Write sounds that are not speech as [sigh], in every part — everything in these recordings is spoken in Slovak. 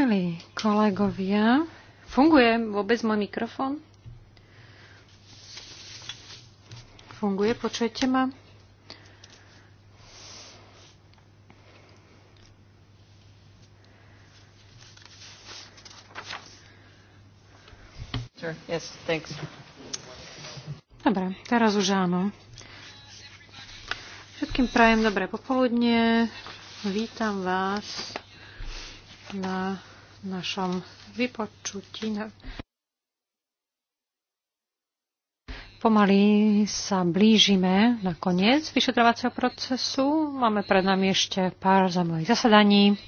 Milí kolegovia, funguje vôbec môj mikrofón? Funguje, počujete ma? Sure. Yes, thanks. Dobre, teraz už áno. Všetkým prajem dobré popoludne. Vítam vás na našom vypočutí. Pomaly sa blížime na koniec vyšetrovacieho procesu. Máme pred nami ešte pár zaujímavých zasadaní.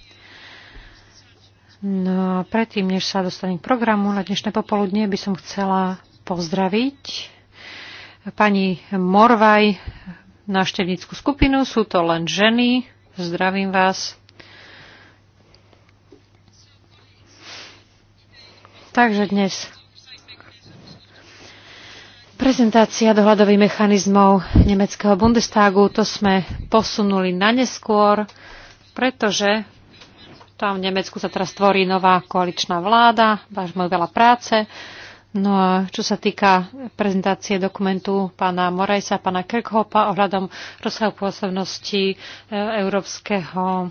No a predtým, než sa dostanem k programu na dnešné popoludne, by som chcela pozdraviť pani Morvaj, návštevníckú skupinu. Sú to len ženy. Zdravím vás. Takže dnes prezentácia dohľadových mechanizmov nemeckého Bundestagu, to sme posunuli na neskôr, pretože tam v Nemecku sa teraz tvorí nová koaličná vláda, váš môj veľa práce. No a čo sa týka prezentácie dokumentu pána Morajsa a pána Kirkhopa ohľadom rozsahu pôsobnosti e, európskeho,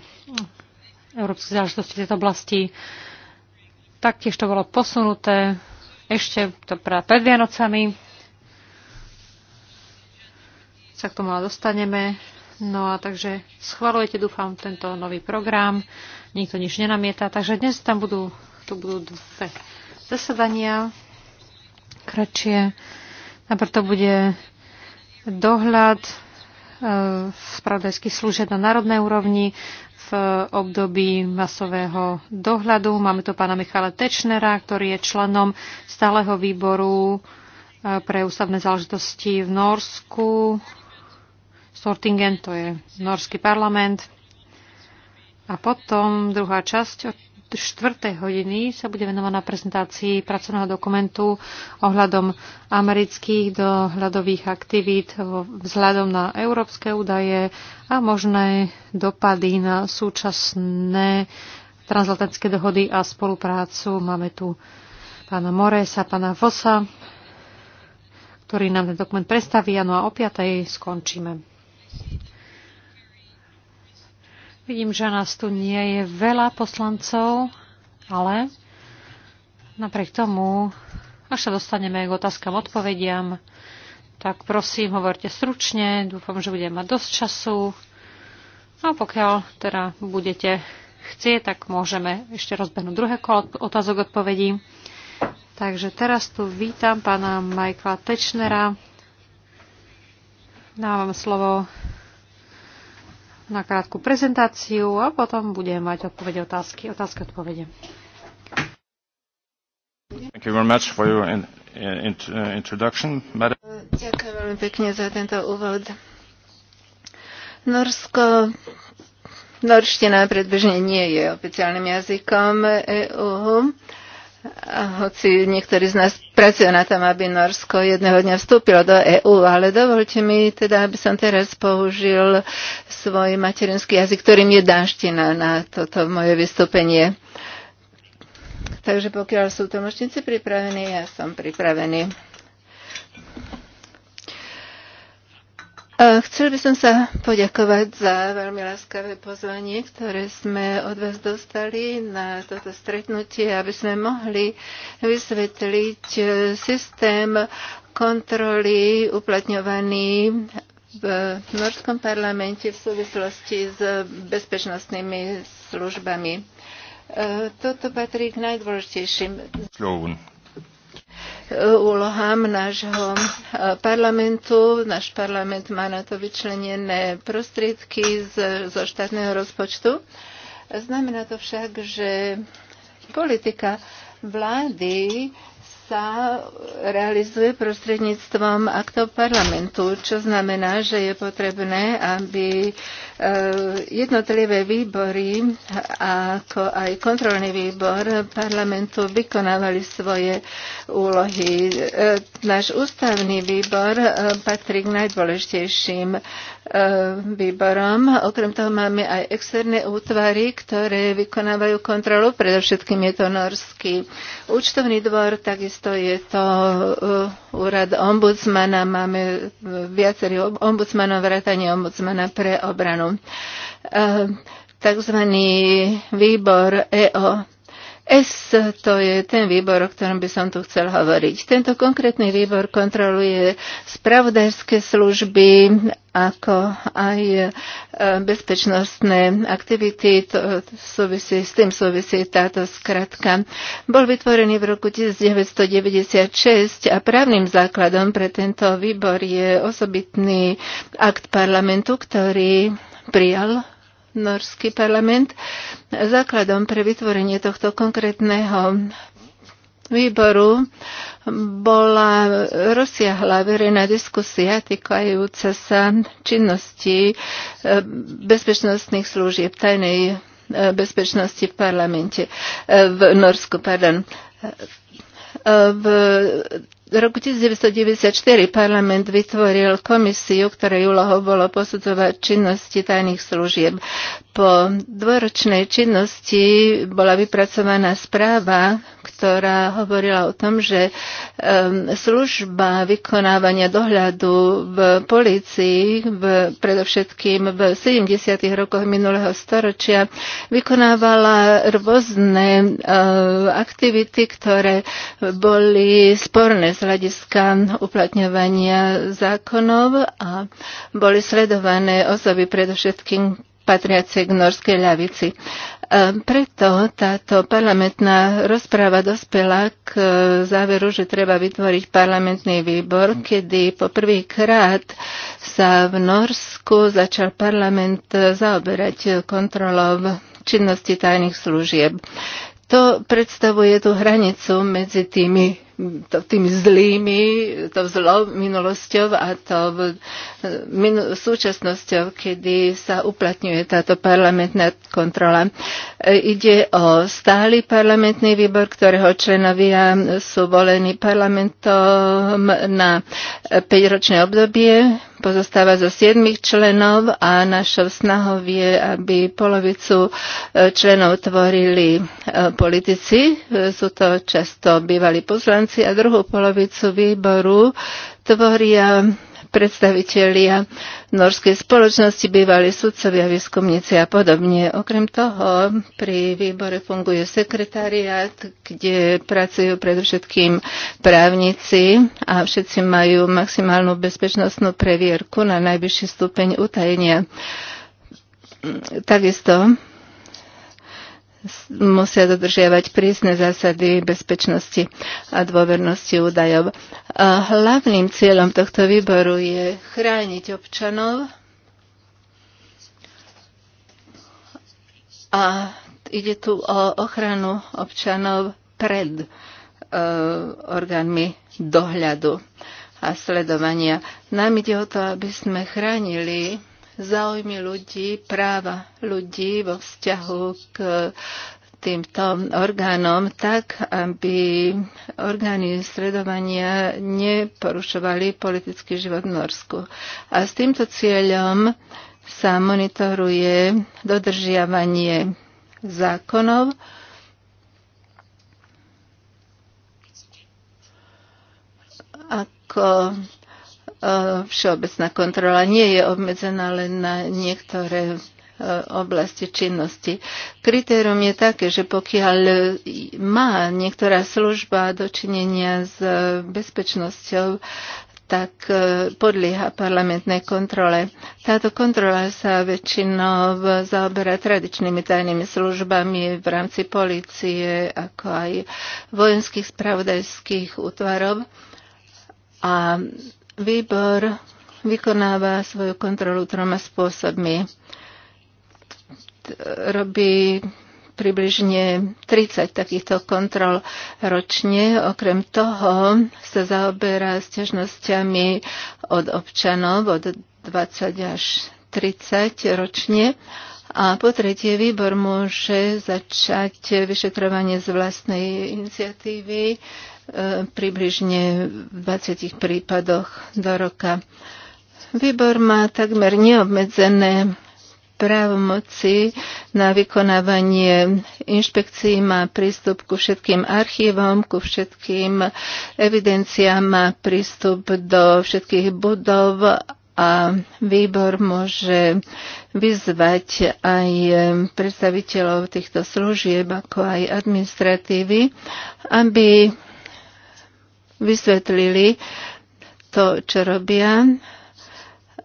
európskej záležitosti v tejto oblasti, Taktiež to bolo posunuté ešte to pred Vianocami. Sa k tomu ale dostaneme. No a takže schvalujete, dúfam, tento nový program. Nikto nič nenamieta. Takže dnes tam budú, tu budú dve zasadania kratšie. Najprv to bude dohľad e, spravodajských služieb na národnej úrovni období masového dohľadu. Máme tu pána Michala Tečnera, ktorý je členom stáleho výboru eh, pre ústavné záležitosti v Norsku. Sortingen, to je norský parlament. A potom druhá časť 4. hodiny sa bude venovaná prezentácii pracovného dokumentu ohľadom amerických dohľadových aktivít vzhľadom na európske údaje a možné dopady na súčasné transatlantické dohody a spoluprácu. Máme tu pána Moresa, pána Vosa, ktorý nám ten dokument predstaví. No a o 5. skončíme. Vidím, že nás tu nie je veľa poslancov, ale napriek tomu, až sa dostaneme k otázkam, odpovediam, tak prosím, hovorte stručne, dúfam, že budem mať dosť času. A pokiaľ teda budete chcieť, tak môžeme ešte rozbehnúť druhé kolo otázok odpovedí. Takže teraz tu vítam pána Michaela Tečnera. Dávam slovo na krátku prezentáciu a potom budem mať odpovede otázky, otázky odpovede. Thank you very much for your uh, introduction, madam. Uh, ďakujem veľmi pekne za tento úvod. Norsko Norština predbežne nie je oficiálnym jazykom EU hoci niektorí z nás pracujú na tom, aby Norsko jedného dňa vstúpilo do EÚ, ale dovolte mi teda, aby som teraz použil svoj materinský jazyk, ktorým je dáština na toto moje vystúpenie. Takže pokiaľ sú tlmočníci pripravení, ja som pripravený. Chcel by som sa poďakovať za veľmi láskavé pozvanie, ktoré sme od vás dostali na toto stretnutie, aby sme mohli vysvetliť e, systém kontroly uplatňovaný v Norskom parlamente v súvislosti s bezpečnostnými službami. E, toto patrí k najdôležitejším úlohám nášho e, parlamentu. Náš parlament má na to vyčlenené prostriedky z, zo štátneho rozpočtu. Znamená to však, že politika vlády sa realizuje prostredníctvom aktov parlamentu, čo znamená, že je potrebné, aby Eh, jednotlivé výbory, ako aj kontrolný výbor parlamentu vykonávali svoje úlohy. Eh, náš ústavný výbor eh, patrí k najdôležitejším výborom. Okrem toho máme aj externé útvary, ktoré vykonávajú kontrolu. Predovšetkým je to Norský účtovný dvor, takisto je to úrad ombudsmana. Máme viacerých ombudsmanov, vrátanie ombudsmana pre obranu orgánu. Eh, takzvaný výbor EO s to je ten výbor, o ktorom by som tu chcel hovoriť. Tento konkrétny výbor kontroluje spravodajské služby, ako aj eh, bezpečnostné aktivity. To súvisí, s tým súvisí táto skratka. Bol vytvorený v roku 1996 a právnym základom pre tento výbor je osobitný akt parlamentu, ktorý prijal norský parlament. Základom pre vytvorenie tohto konkrétneho výboru bola rozsiahla verejná diskusia týkajúca sa činnosti e, bezpečnostných služieb, tajnej e, bezpečnosti v parlamente, e, v Norsku, pardon. V v roku 1994 parlament vytvoril komisiu, ktorej úlohou bolo posudzovať činnosti tajných služieb. Po dvoročnej činnosti bola vypracovaná správa, ktorá hovorila o tom, že ehm, služba vykonávania dohľadu v polícii, v, predovšetkým v 70. rokoch minulého storočia, vykonávala rôzne ehm, aktivity, ktoré boli sporné s hľadiska uplatňovania zákonov a boli sledované osoby predovšetkým patriace k norskej ľavici. E, preto táto parlamentná rozpráva dospela k záveru, že treba vytvoriť parlamentný výbor, kedy po prvýkrát sa v Norsku začal parlament zaoberať kontrolou činnosti tajných služieb. To predstavuje tú hranicu medzi tými to, tým zlými, to zlou minulosťou a to minu, súčasnosťou, kedy sa uplatňuje táto parlamentná kontrola. E, ide o stály parlamentný výbor, ktorého členovia sú volení parlamentom na 5-ročné e, obdobie pozostáva zo siedmých členov a našou snahou je, aby polovicu e, členov tvorili e, politici. E, sú to často bývalí poslanci a druhú polovicu výboru tvoria predstavitelia norskej spoločnosti, bývali sudcovia, výskumníci a podobne. Okrem toho, pri výbore funguje sekretariat, kde pracujú predovšetkým právnici a všetci majú maximálnu bezpečnostnú previerku na najvyšší stupeň utajenia. Takisto musia dodržiavať prísne zásady bezpečnosti a dôvernosti údajov. A hlavným cieľom tohto výboru je chrániť občanov a ide tu o ochranu občanov pred e, orgánmi dohľadu a sledovania. Nám ide o to, aby sme chránili záujmy ľudí, práva ľudí vo vzťahu k týmto orgánom tak, aby orgány stredovania neporušovali politický život v Norsku. A s týmto cieľom sa monitoruje dodržiavanie zákonov, ako Eh, všeobecná kontrola nie je obmedzená len na niektoré eh, oblasti činnosti. Kritérium je také, že pokiaľ má niektorá služba dočinenia s eh, bezpečnosťou, tak podlieha parlamentnej kontrole. Táto kontrola sa väčšinou zaoberá tradičnými tajnými službami v rámci policie, ako aj vojenských spravodajských útvarov. A Výbor vykonáva svoju kontrolu troma spôsobmi. Robí približne 30 takýchto kontrol ročne. Okrem toho sa zaoberá sťažnosťami od občanov od 20 až 30 ročne. A po tretie, výbor môže začať vyšetrovanie z vlastnej iniciatívy E, približne v 20 prípadoch do roka. Výbor má takmer neobmedzené právomoci na vykonávanie inšpekcií, má prístup ku všetkým archívom, ku všetkým evidenciám, má prístup do všetkých budov a výbor môže vyzvať aj predstaviteľov týchto služieb, ako aj administratívy, aby vysvetlili to, čo robia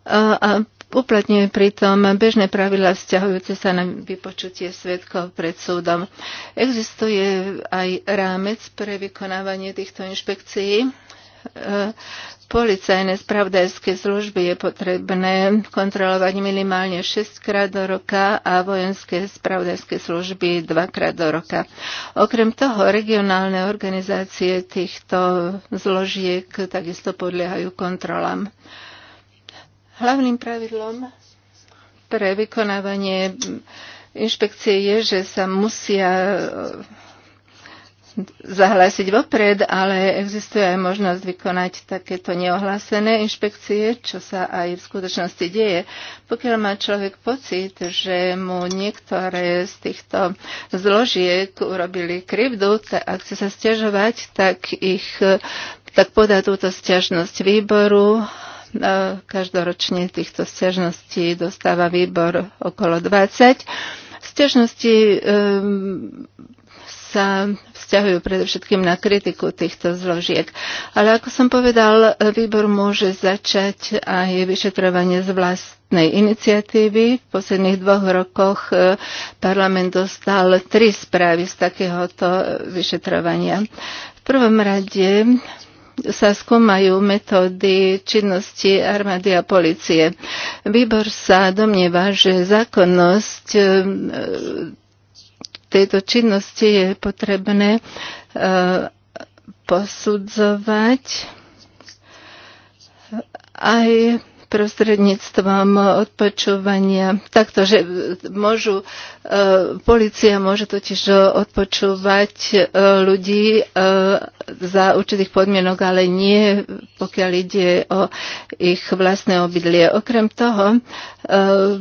a uplatňuje pritom bežné pravidla vzťahujúce sa na vypočutie svetkov pred súdom. Existuje aj rámec pre vykonávanie týchto inšpekcií E, policajné spravodajské služby je potrebné kontrolovať minimálne 6 krát do roka a vojenské spravodajské služby 2 krát do roka. Okrem toho, regionálne organizácie týchto zložiek takisto podliehajú kontrolám. Hlavným pravidlom pre vykonávanie inšpekcie je, že sa musia zahlásiť vopred, ale existuje aj možnosť vykonať takéto neohlásené inšpekcie, čo sa aj v skutočnosti deje. Pokiaľ má človek pocit, že mu niektoré z týchto zložiek urobili krivdu, tak ak chce sa stiažovať, tak ich tak podá túto stiažnosť výboru no, každoročne týchto stiažností dostáva výbor okolo 20. Stiažnosti ehm, sa vzťahujú predovšetkým na kritiku týchto zložiek. Ale ako som povedal, výbor môže začať aj vyšetrovanie z vlastnej iniciatívy. V posledných dvoch rokoch e, parlament dostal tri správy z takéhoto vyšetrovania. V prvom rade sa skúmajú metódy činnosti armády a policie. Výbor sa domnieva, že zákonnosť e, tejto činnosti je potrebné e, posudzovať aj prostredníctvom odpočúvania. Takto, že e, môžu, e, policia môže totiž odpočúvať e, ľudí za určitých podmienok, ale nie pokiaľ ide o ich vlastné obydlie. Okrem toho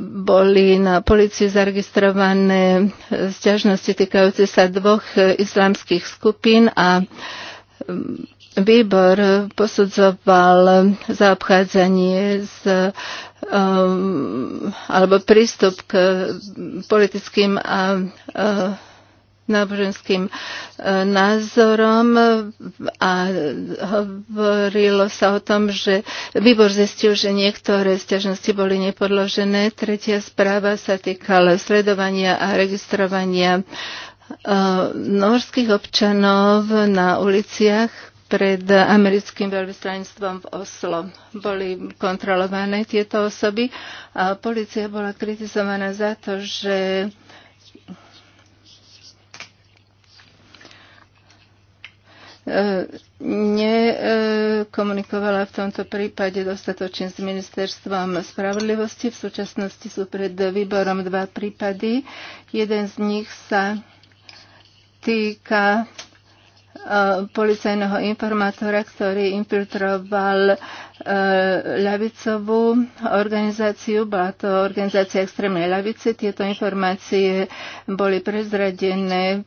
boli na policii zaregistrované sťažnosti týkajúce sa dvoch islamských skupín a výbor posudzoval zaobchádzanie s um, alebo prístup k politickým a uh, náboženským uh, názorom a hovorilo sa o tom, že výbor zistil, že niektoré stiažnosti boli nepodložené. Tretia správa sa týkala sledovania a registrovania uh, norských občanov na uliciach pred americkým veľvyslanectvom v Oslo. Boli kontrolované tieto osoby a policia bola kritizovaná za to, že nekomunikovala v tomto prípade dostatočne s ministerstvom spravodlivosti. V súčasnosti sú pred výborom dva prípady. Jeden z nich sa týka policajného informátora, ktorý infiltroval e, ľavicovú organizáciu, bola to organizácia extrémnej ľavice. Tieto informácie boli prezradené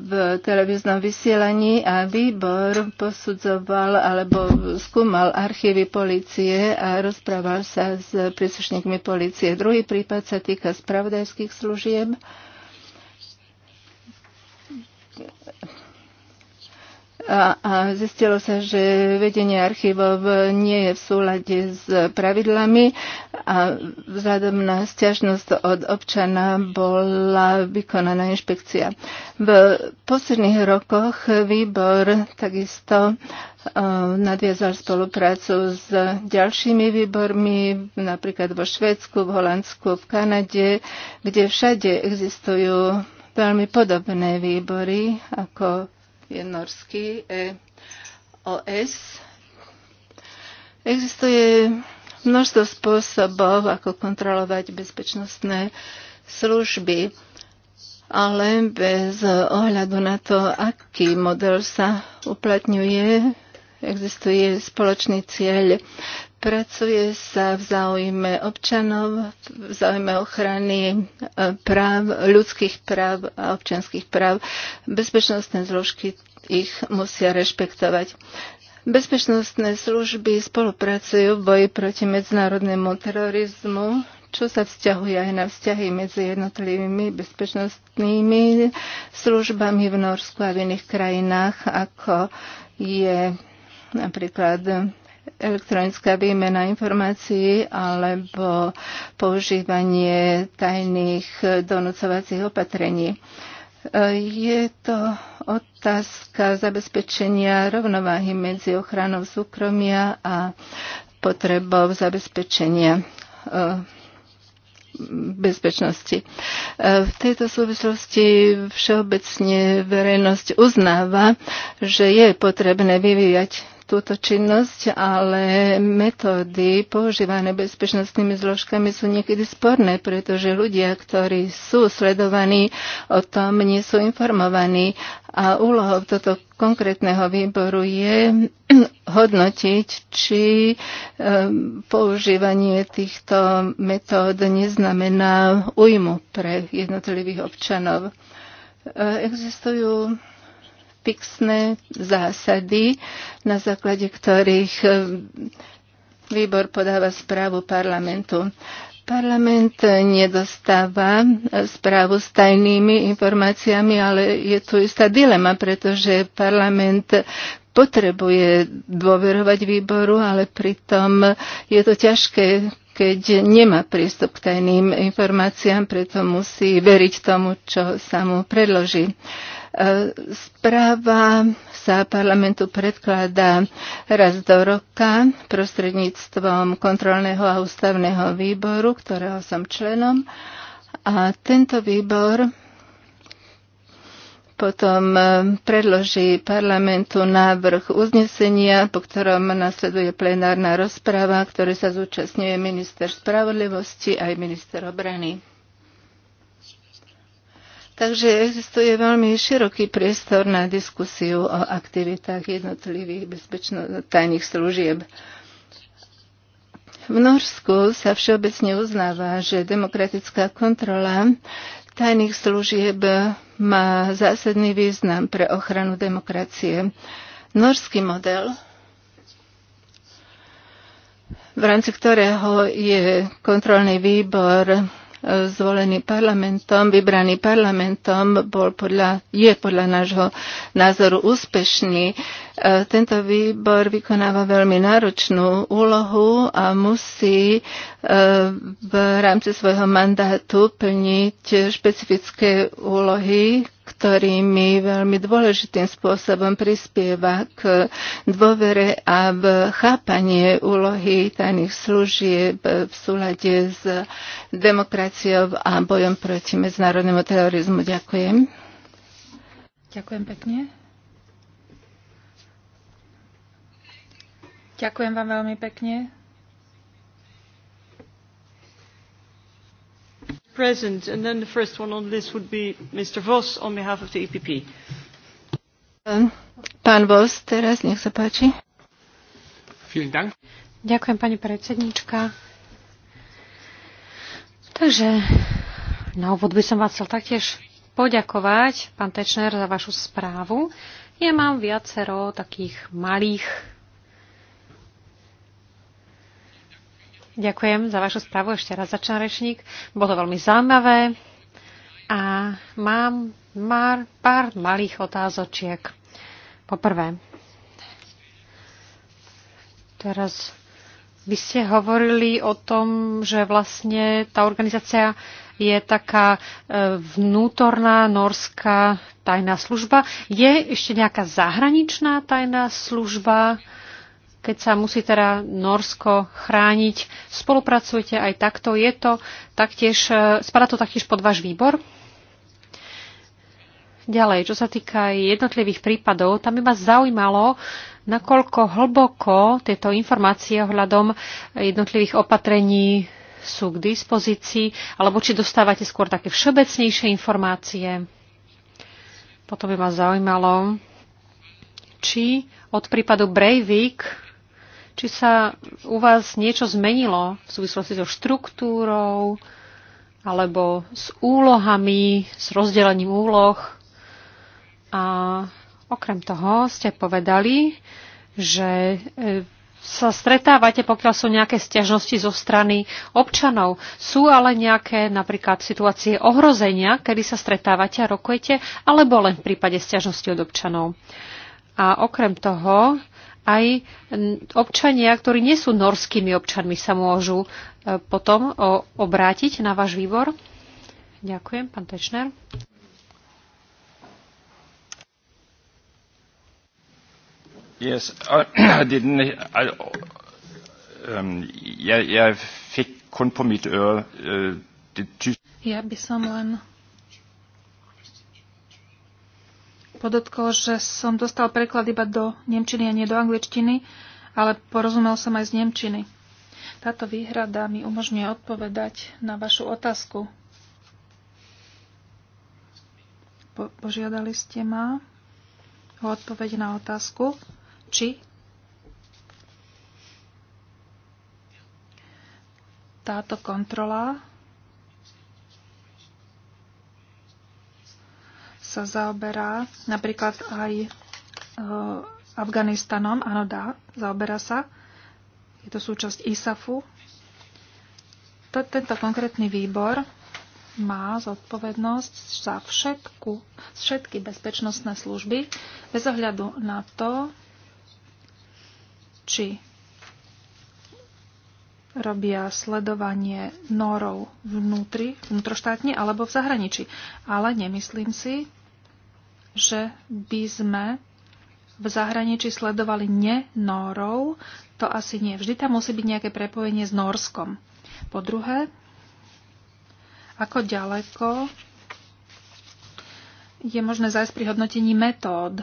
v televíznom vysielaní a výbor posudzoval alebo skúmal archívy policie a rozprával sa s príslušníkmi policie. Druhý prípad sa týka spravodajských služieb. a, a zistilo sa, že vedenie archívov nie je v súlade s pravidlami a vzhľadom na stiažnosť od občana bola vykonaná inšpekcia. V posledných rokoch výbor takisto e, nadviazal spoluprácu s ďalšími výbormi, napríklad vo Švedsku, v Holandsku, v Kanade, kde všade existujú veľmi podobné výbory ako Norský EOS. Existuje množstvo spôsobov, ako kontrolovať bezpečnostné služby, ale bez ohľadu na to, aký model sa uplatňuje, existuje spoločný cieľ Pracuje sa v záujme občanov, v záujme ochrany e, práv, ľudských práv a občanských práv. Bezpečnostné zložky ich musia rešpektovať. Bezpečnostné služby spolupracujú v boji proti medzinárodnému terorizmu, čo sa vzťahuje aj na vzťahy medzi jednotlivými bezpečnostnými službami v Norsku a v iných krajinách, ako je napríklad elektronická výmena informácií alebo používanie tajných donúcovacích opatrení. Je to otázka zabezpečenia rovnováhy medzi ochranou súkromia a potrebou zabezpečenia eh, bezpečnosti. Eh, v tejto súvislosti všeobecne verejnosť uznáva, že je potrebné vyvíjať túto činnosť, ale metódy používané bezpečnostnými zložkami sú niekedy sporné, pretože ľudia, ktorí sú sledovaní, o tom nie sú informovaní. A úlohou toto konkrétneho výboru je [clears throat] hodnotiť, či ehm, používanie týchto metód neznamená újmu pre jednotlivých občanov. Existujú fixné zásady, na základe ktorých e, výbor podáva správu parlamentu. Parlament nedostáva e, správu s tajnými informáciami, ale je tu istá dilema, pretože parlament potrebuje dôverovať výboru, ale pritom je to ťažké, keď nemá prístup k tajným informáciám, preto musí veriť tomu, čo sa mu predloží. Uh, E, správa sa parlamentu predkladá raz do roka prostredníctvom kontrolného a ústavného výboru, ktorého som členom. A tento výbor potom e, predloží parlamentu návrh uznesenia, po ktorom nasleduje plenárna rozpráva, ktoré sa zúčastňuje minister spravodlivosti aj minister obrany. Takže existuje veľmi široký priestor na diskusiu o aktivitách jednotlivých bezpečnotajných tajných služieb. V Norsku sa všeobecne uznáva, že demokratická kontrola tajných služieb má zásadný význam pre ochranu demokracie. Norský model v rámci ktorého je kontrolný výbor zvolený parlamentom, vybraný parlamentom, bol podľa, je podľa nášho názoru úspešný. E, tento výbor vykonáva veľmi náročnú úlohu a musí e, v rámci svojho mandátu plniť špecifické úlohy, ktorými veľmi dôležitým spôsobom prispieva k dôvere a v chápanie úlohy tajných služieb v súlade s demokraciou a bojom proti medzinárodnému terorizmu. Ďakujem. Ďakujem pekne. Ďakujem vám veľmi pekne E ehm, pán Voss, teraz nech sa páči. Ďakujem, pani predsednička. Takže na úvod by som vás chcel taktiež poďakovať, pán Tečner, za vašu správu. Ja mám viacero takých malých Ďakujem za vašu správu. Ešte raz začná rečník. Bolo veľmi zaujímavé. A mám mar, pár malých otázočiek. Poprvé, teraz vy ste hovorili o tom, že vlastne tá organizácia je taká e, vnútorná norská tajná služba. Je ešte nejaká zahraničná tajná služba? keď sa musí teda Norsko chrániť. Spolupracujete aj takto. Je to taktiež, e, spada to taktiež pod váš výbor? Ďalej, čo sa týka jednotlivých prípadov, tam by ma zaujímalo, nakoľko hlboko tieto informácie ohľadom jednotlivých opatrení sú k dispozícii, alebo či dostávate skôr také všeobecnejšie informácie. Potom by ma zaujímalo, či od prípadu Breivik či sa u vás niečo zmenilo v súvislosti so štruktúrou alebo s úlohami, s rozdelením úloh. A okrem toho ste povedali, že e, sa stretávate, pokiaľ sú nejaké stiažnosti zo strany občanov. Sú ale nejaké napríklad situácie ohrozenia, kedy sa stretávate a rokujete, alebo len v prípade stiažnosti od občanov. A okrem toho aj občania, ktorí nie sú norskými občanmi, sa môžu e, potom obrátiť na váš výbor? Ďakujem, pán Tečner. Yes, I [clears throat] didn't, I, um, yeah, yeah, fikk kun på mitt øre uh, det tyske. Ja by som len podotkol, že som dostal preklad iba do nemčiny a nie do angličtiny, ale porozumel som aj z nemčiny. Táto výhrada mi umožňuje odpovedať na vašu otázku. Po- požiadali ste ma o odpoveď na otázku, či táto kontrola sa zaoberá napríklad aj e, Afganistanom. Áno, dá, zaoberá sa. Je to súčasť ISAFu. Tento konkrétny výbor má zodpovednosť za všetku, všetky bezpečnostné služby bez ohľadu na to, či robia sledovanie norov vnútri, vnútroštátne alebo v zahraničí. Ale nemyslím si, že by sme v zahraničí sledovali ne Nórov, to asi nie. Vždy tam musí byť nejaké prepojenie s Norskom. Po druhé, ako ďaleko je možné zajsť pri hodnotení metód.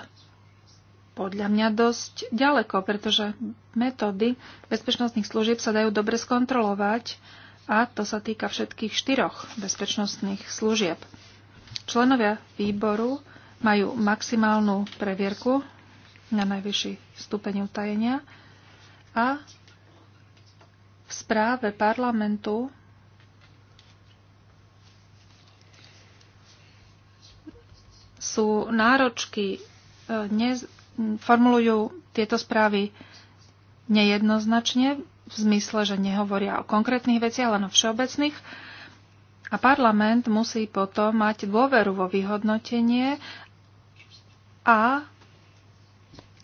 Podľa mňa dosť ďaleko, pretože metódy bezpečnostných služieb sa dajú dobre skontrolovať a to sa týka všetkých štyroch bezpečnostných služieb. Členovia výboru majú maximálnu previerku na najvyšší stupeň utajenia a v správe parlamentu sú náročky, e, ne, formulujú tieto správy nejednoznačne, v zmysle, že nehovoria o konkrétnych veciach, len o všeobecných. A parlament musí potom mať dôveru vo vyhodnotenie a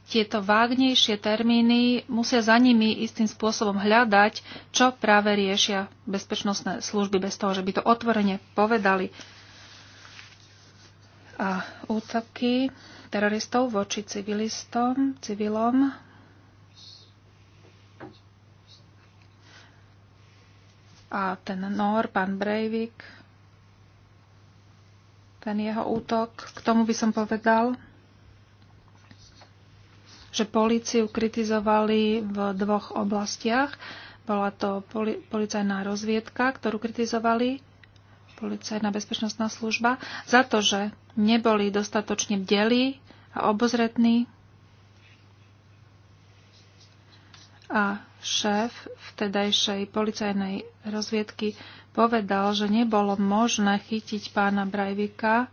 tieto vágnejšie termíny musia za nimi istým spôsobom hľadať, čo práve riešia bezpečnostné služby bez toho, že by to otvorene povedali. A útoky teroristov voči civilistom, civilom a ten Nor, pán Breivik, ten jeho útok, k tomu by som povedal, že políciu kritizovali v dvoch oblastiach. Bola to poli- policajná rozviedka, ktorú kritizovali, policajná bezpečnostná služba, za to, že neboli dostatočne bdelí a obozretní. A šéf vtedajšej policajnej rozviedky povedal, že nebolo možné chytiť pána Brajvika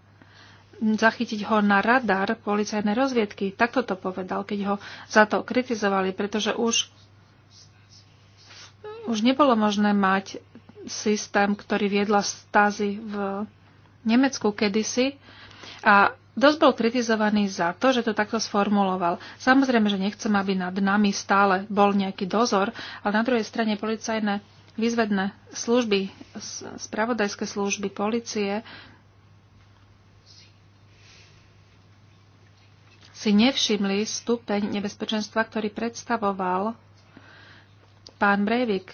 zachytiť ho na radar policajnej rozviedky. Takto to povedal, keď ho za to kritizovali, pretože už, už nebolo možné mať systém, ktorý viedla stázy v Nemecku kedysi a dosť bol kritizovaný za to, že to takto sformuloval. Samozrejme, že nechcem, aby nad nami stále bol nejaký dozor, ale na druhej strane policajné výzvedné služby, spravodajské služby, policie, si nevšimli stupeň nebezpečenstva, ktorý predstavoval pán Breivik.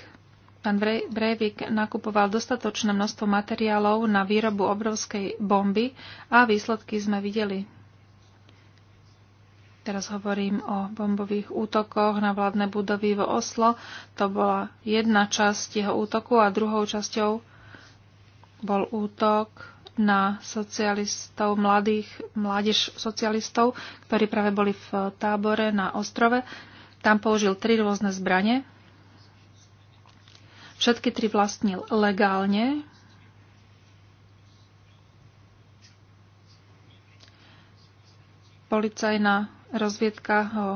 Pán Breivik nakupoval dostatočné množstvo materiálov na výrobu obrovskej bomby a výsledky sme videli. Teraz hovorím o bombových útokoch na vládne budovy vo Oslo. To bola jedna časť jeho útoku a druhou časťou bol útok na socialistov, mladých, mládež socialistov, ktorí práve boli v tábore na ostrove. Tam použil tri rôzne zbranie. Všetky tri vlastnil legálne. Policajná rozviedka ho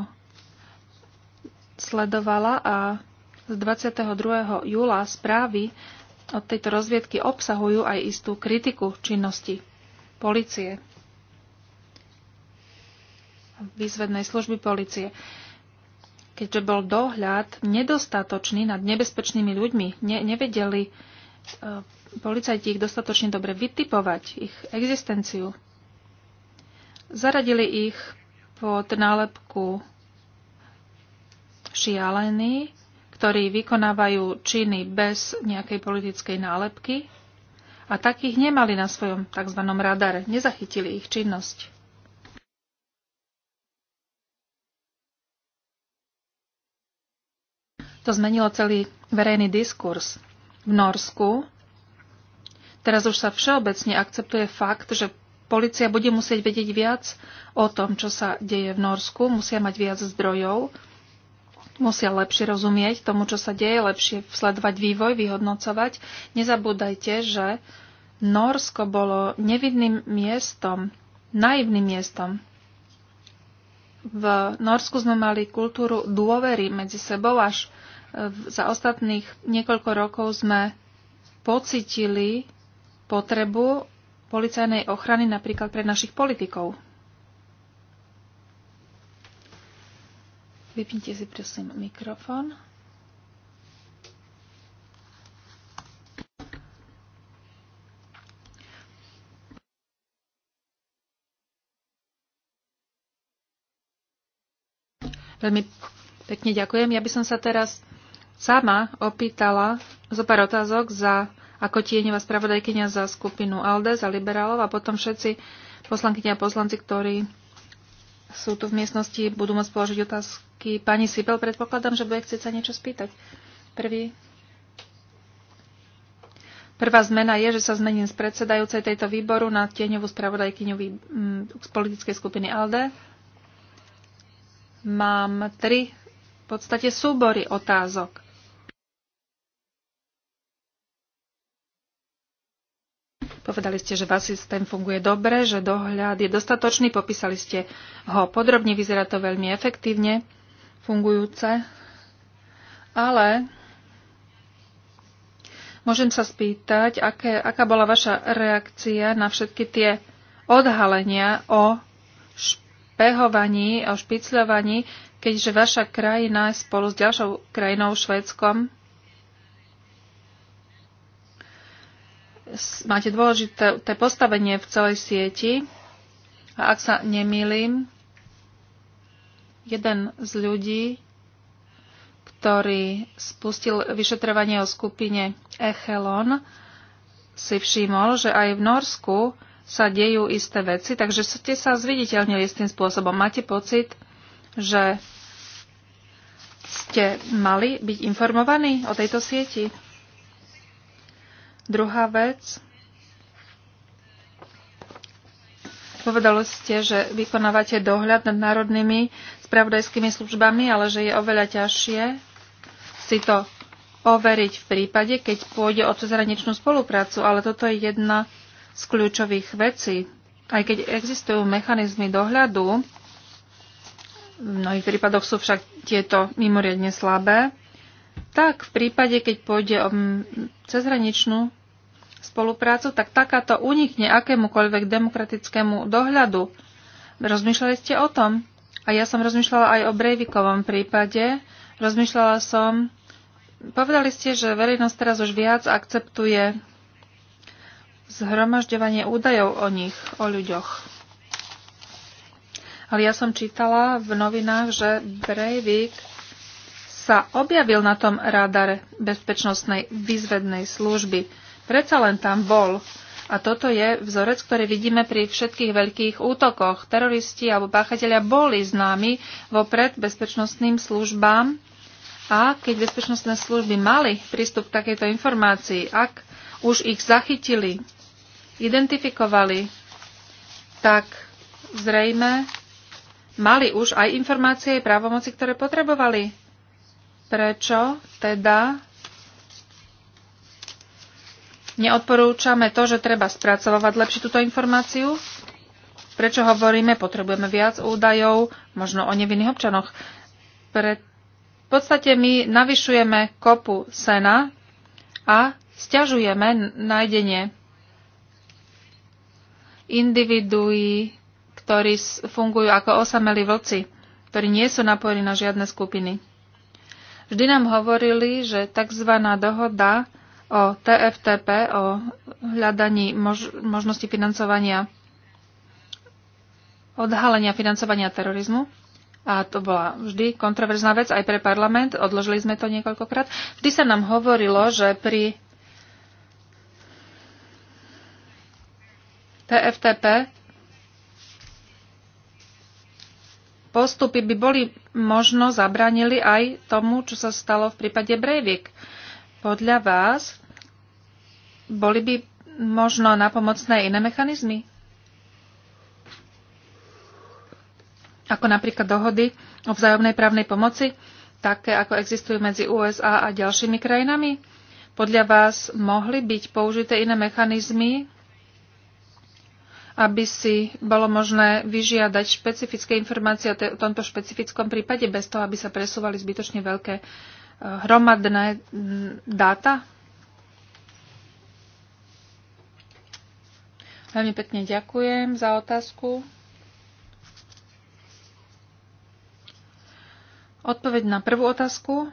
sledovala a z 22. júla správy od tejto rozviedky obsahujú aj istú kritiku činnosti policie, výzvednej služby policie. Keďže bol dohľad nedostatočný nad nebezpečnými ľuďmi, ne, nevedeli e, policajti ich dostatočne dobre vytipovať, ich existenciu. Zaradili ich pod nálepku šialený ktorí vykonávajú činy bez nejakej politickej nálepky a takých nemali na svojom tzv. radare, nezachytili ich činnosť. To zmenilo celý verejný diskurs v Norsku. Teraz už sa všeobecne akceptuje fakt, že policia bude musieť vedieť viac o tom, čo sa deje v Norsku, musia mať viac zdrojov, musia lepšie rozumieť tomu, čo sa deje, lepšie sledovať vývoj, vyhodnocovať. Nezabúdajte, že Norsko bolo nevidným miestom, naivným miestom. V Norsku sme mali kultúru dôvery medzi sebou, až e, za ostatných niekoľko rokov sme pocitili potrebu policajnej ochrany napríklad pre našich politikov. Vypnite si prosím mikrofón. Veľmi pekne ďakujem. Ja by som sa teraz sama opýtala zo pár otázok za ako tieňová spravodajkynia za skupinu ALDE, za liberálov a potom všetci poslankyňa a poslanci, ktorí sú tu v miestnosti, budú môcť položiť otázky. Pani Sipel, predpokladám, že bude chcieť sa niečo spýtať. Prvý. Prvá zmena je, že sa zmením z predsedajúcej tejto výboru na tieňovú spravodajkyňu z politickej skupiny ALDE. Mám tri v podstate súbory otázok. Povedali ste, že váš systém funguje dobre, že dohľad je dostatočný, popísali ste ho podrobne, vyzerá to veľmi efektívne, fungujúce. Ale môžem sa spýtať, aké, aká bola vaša reakcia na všetky tie odhalenia o špehovaní, o špicľovaní, keďže vaša krajina spolu s ďalšou krajinou Švédskom máte dôležité postavenie v celej sieti a ak sa nemýlim, jeden z ľudí, ktorý spustil vyšetrovanie o skupine Echelon, si všimol, že aj v Norsku sa dejú isté veci, takže ste sa zviditeľnili istým spôsobom. Máte pocit, že ste mali byť informovaní o tejto sieti? Druhá vec. Povedali ste, že vykonávate dohľad nad národnými spravodajskými službami, ale že je oveľa ťažšie si to overiť v prípade, keď pôjde o cezhraničnú spoluprácu, ale toto je jedna z kľúčových vecí. Aj keď existujú mechanizmy dohľadu, v mnohých prípadoch sú však tieto mimoriadne slabé, tak v prípade, keď pôjde o cezhraničnú spoluprácu, tak takáto unikne akémukoľvek demokratickému dohľadu. Rozmýšľali ste o tom? A ja som rozmýšľala aj o Brejvikovom prípade. Rozmýšľala som, povedali ste, že verejnosť teraz už viac akceptuje zhromažďovanie údajov o nich, o ľuďoch. Ale ja som čítala v novinách, že Breivik sa objavil na tom radare bezpečnostnej výzvednej služby. Predsa len tam bol. A toto je vzorec, ktorý vidíme pri všetkých veľkých útokoch. Teroristi alebo páchatelia boli známi vopred bezpečnostným službám a keď bezpečnostné služby mali prístup k takejto informácii, ak už ich zachytili, identifikovali, tak zrejme mali už aj informácie aj právomoci, ktoré potrebovali. Prečo teda neodporúčame to, že treba spracovávať lepšie túto informáciu? Prečo hovoríme, potrebujeme viac údajov, možno o nevinných občanoch? Pre, v podstate my navyšujeme kopu sena a stiažujeme nájdenie individuí, ktorí fungujú ako osamelí vlci, ktorí nie sú napojení na žiadne skupiny. Vždy nám hovorili, že tzv. dohoda o TFTP, o hľadaní mož- možnosti financovania, odhalenia financovania terorizmu, a to bola vždy kontroverzná vec aj pre parlament, odložili sme to niekoľkokrát, vždy sa nám hovorilo, že pri TFTP postupy by boli možno zabranili aj tomu, čo sa stalo v prípade Breivik. Podľa vás boli by možno napomocné iné mechanizmy? Ako napríklad dohody o vzájomnej právnej pomoci, také ako existujú medzi USA a ďalšími krajinami? Podľa vás mohli byť použité iné mechanizmy aby si bolo možné vyžiadať špecifické informácie o tomto špecifickom prípade bez toho, aby sa presúvali zbytočne veľké eh, hromadné mm, dáta? Veľmi pekne ďakujem za otázku. Odpoveď na prvú otázku.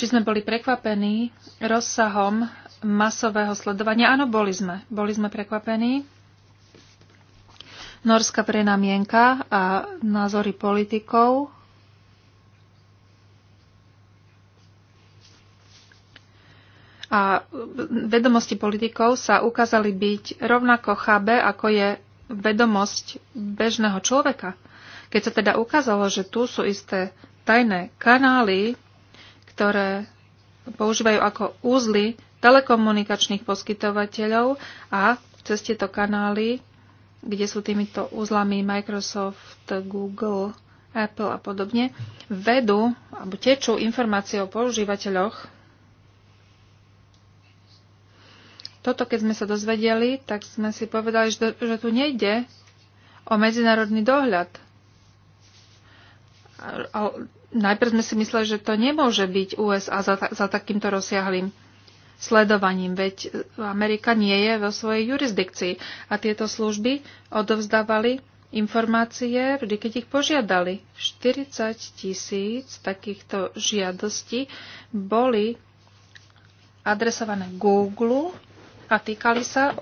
či sme boli prekvapení rozsahom masového sledovania. Áno, boli sme. Boli sme prekvapení. Norská prenamienka a názory politikov. A vedomosti politikov sa ukázali byť rovnako chábe, ako je vedomosť bežného človeka. Keď sa teda ukázalo, že tu sú isté tajné kanály, ktoré používajú ako úzly telekomunikačných poskytovateľov a cez tieto kanály, kde sú týmito úzlami Microsoft, Google, Apple a podobne, vedú alebo tečú informácie o používateľoch. Toto, keď sme sa dozvedeli, tak sme si povedali, že tu nejde o medzinárodný dohľad najprv sme si mysleli, že to nemôže byť USA za, za takýmto rozsiahlým sledovaním, veď Amerika nie je vo svojej jurisdikcii a tieto služby odovzdávali informácie vždy, keď ich požiadali. 40 tisíc takýchto žiadostí boli adresované Google a týkali sa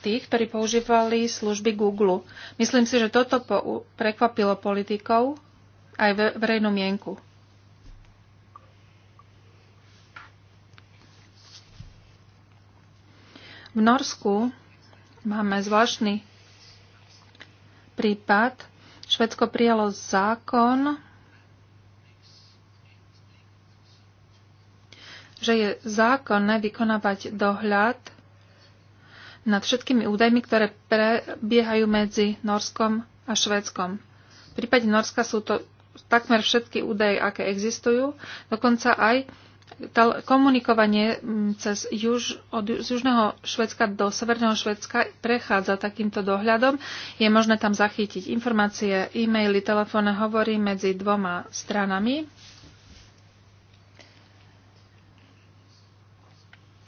tých, ktorí používali služby Google. Myslím si, že toto prekvapilo politikov aj verejnú mienku. V Norsku máme zvláštny prípad. Švedsko prijalo zákon, že je zákonné vykonávať dohľad nad všetkými údajmi, ktoré prebiehajú medzi Norskom a Švedskom. V prípade Norska sú to takmer všetky údaje, aké existujú, dokonca aj komunikovanie mm, cez juž, od, z južného Švedska do severného Švedska prechádza takýmto dohľadom. Je možné tam zachytiť informácie, e-maily, telefónne hovory medzi dvoma stranami.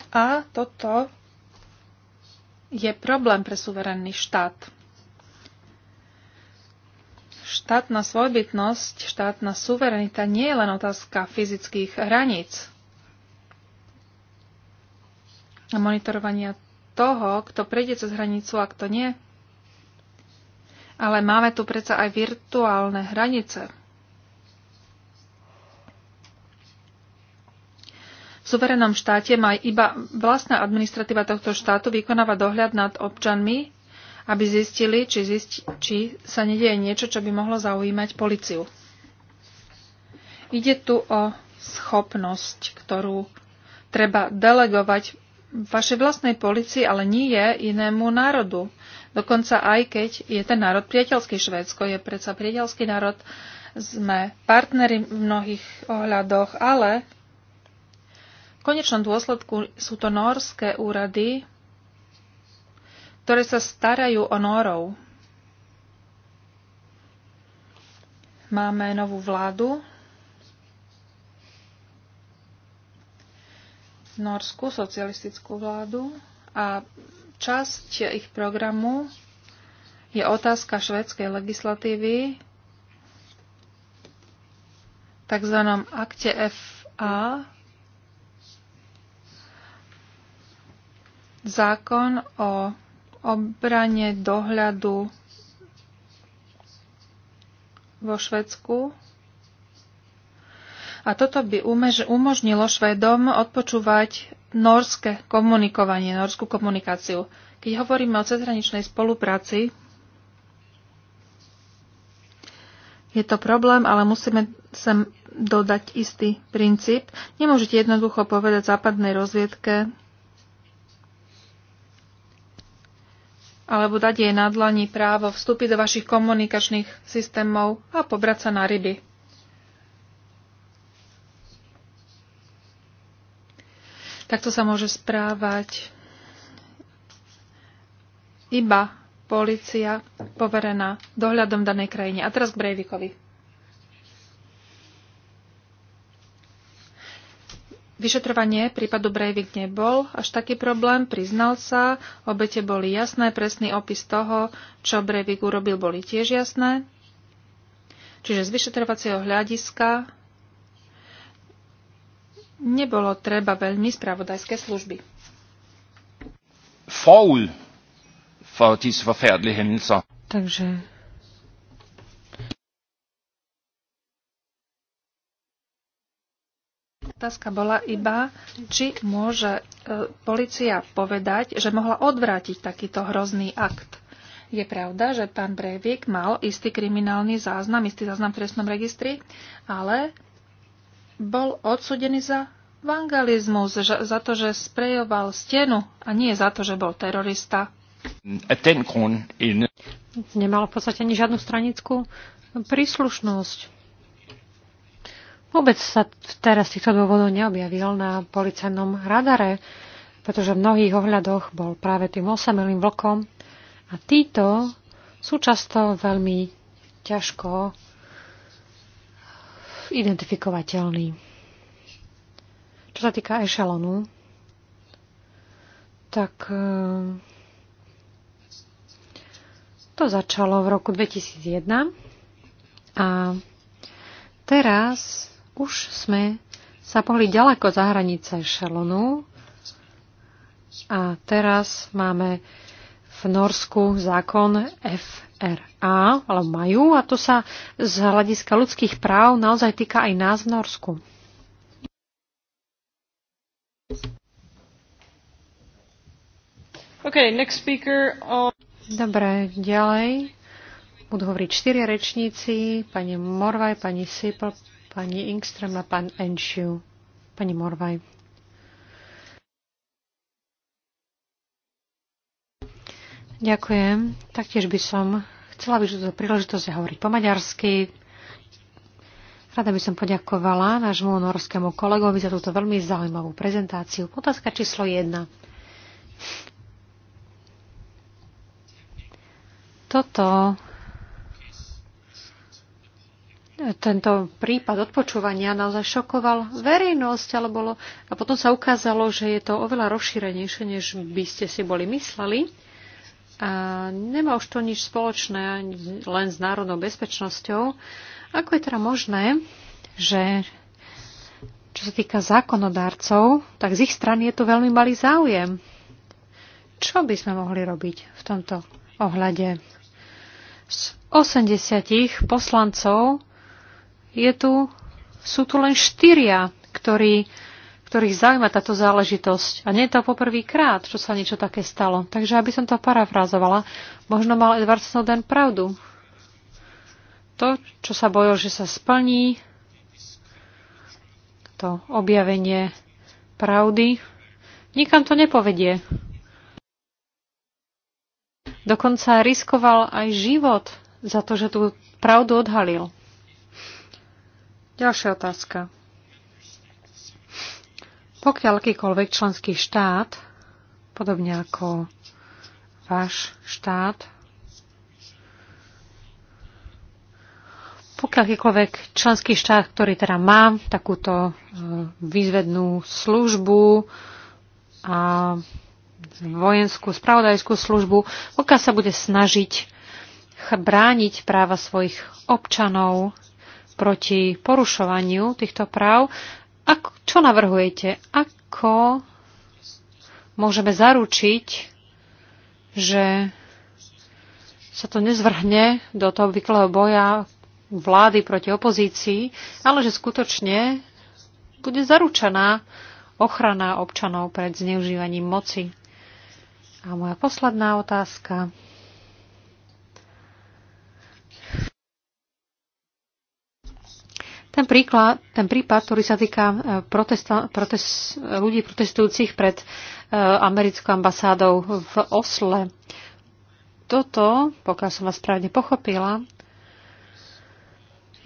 A toto je problém pre suverénny štát štátna svojbytnosť, štátna suverenita nie je len otázka fyzických hraníc a monitorovania toho, kto prejde cez hranicu a kto nie. Ale máme tu predsa aj virtuálne hranice. V suverenom štáte má iba vlastná administratíva tohto štátu vykonávať dohľad nad občanmi aby zistili, či, zisti, či sa nedieje niečo, čo by mohlo zaujímať policiu. Ide tu o schopnosť, ktorú treba delegovať vašej vlastnej policii, ale nie je inému národu. Dokonca aj keď je ten národ priateľský, Švédsko je predsa priateľský národ, sme partneri v mnohých ohľadoch, ale v konečnom dôsledku sú to norské úrady, ktoré sa starajú o norov. Máme novú vládu norskú socialistickú vládu a časť ich programu je otázka švedskej legislatívy, tzv. akte FA, zákon o obrane dohľadu vo Švedsku. A toto by umožnilo Švedom odpočúvať norské komunikovanie, norskú komunikáciu. Keď hovoríme o cezhraničnej spolupráci, je to problém, ale musíme sem dodať istý princíp. Nemôžete jednoducho povedať západnej rozviedke, alebo dať jej na dlani právo vstúpiť do vašich komunikačných systémov a pobrať sa na ryby. Takto sa môže správať iba policia poverená dohľadom danej krajine. A teraz k Brejvikovi. Vyšetrovanie prípadu Breivik nebol až taký problém, priznal sa, obete boli jasné, presný opis toho, čo Breivik urobil, boli tiež jasné. Čiže z vyšetrovacieho hľadiska nebolo treba veľmi spravodajské služby. Forud for disse forfærdelige hændelser. Takže otázka bola iba, či môže e, policia povedať, že mohla odvrátiť takýto hrozný akt. Je pravda, že pán Brevik mal istý kriminálny záznam, istý záznam v trestnom registri, ale bol odsudený za vangalizmus, za to, že sprejoval stenu a nie za to, že bol terorista. Nemal v podstate ani žiadnu stranickú príslušnosť vôbec sa teraz týchto dôvodov neobjavil na policajnom radare, pretože v mnohých ohľadoch bol práve tým osamelým vlkom a títo sú často veľmi ťažko identifikovateľní. Čo sa týka ešalonu, tak eh, to začalo v roku 2001 a teraz už sme sa pohli ďaleko za hranice Šelonu a teraz máme v Norsku zákon FRA, ale majú a to sa z hľadiska ľudských práv naozaj týka aj nás v Norsku. Okay, next speaker on... Dobre, ďalej. Budú hovoriť štyria rečníci, pani Morvaj, pani Sipl, pani Ingström a pán Enšiu. Pani Morvaj. Ďakujem. Taktiež by som chcela využiť túto príležitosť a hovoriť po maďarsky. Rada by som poďakovala nášmu norskému kolegovi za túto veľmi zaujímavú prezentáciu. Otázka číslo 1. Toto tento prípad odpočúvania naozaj šokoval verejnosť ale bolo, a potom sa ukázalo, že je to oveľa rozšírenejšie, než by ste si boli mysleli. A nemá už to nič spoločné len s národnou bezpečnosťou. Ako je teda možné, že čo sa týka zákonodárcov, tak z ich strany je to veľmi malý záujem. Čo by sme mohli robiť v tomto ohľade? Z 80 poslancov je tu, sú tu len štyria, ktorí, ktorých zaujíma táto záležitosť. A nie je to poprvýkrát, čo sa niečo také stalo. Takže aby som to parafrázovala, možno mal Edward Snowden pravdu. To, čo sa bojil, že sa splní, to objavenie pravdy, nikam to nepovedie. Dokonca riskoval aj život za to, že tú pravdu odhalil. Ďalšia otázka. Pokiaľ akýkoľvek členský štát, podobne ako váš štát, pokiaľ akýkoľvek členský štát, ktorý teda má takúto e, výzvednú službu a vojenskú spravodajskú službu, pokiaľ sa bude snažiť brániť práva svojich občanov proti porušovaniu týchto práv. Ako, čo navrhujete? Ako môžeme zaručiť, že sa to nezvrhne do toho obvyklého boja vlády proti opozícii, ale že skutočne bude zaručená ochrana občanov pred zneužívaním moci. A moja posledná otázka. Ten, príklad, ten prípad, ktorý sa týka e, protesta, protest, ľudí protestujúcich pred e, americkou ambasádou v Osle, toto, pokiaľ som vás správne pochopila,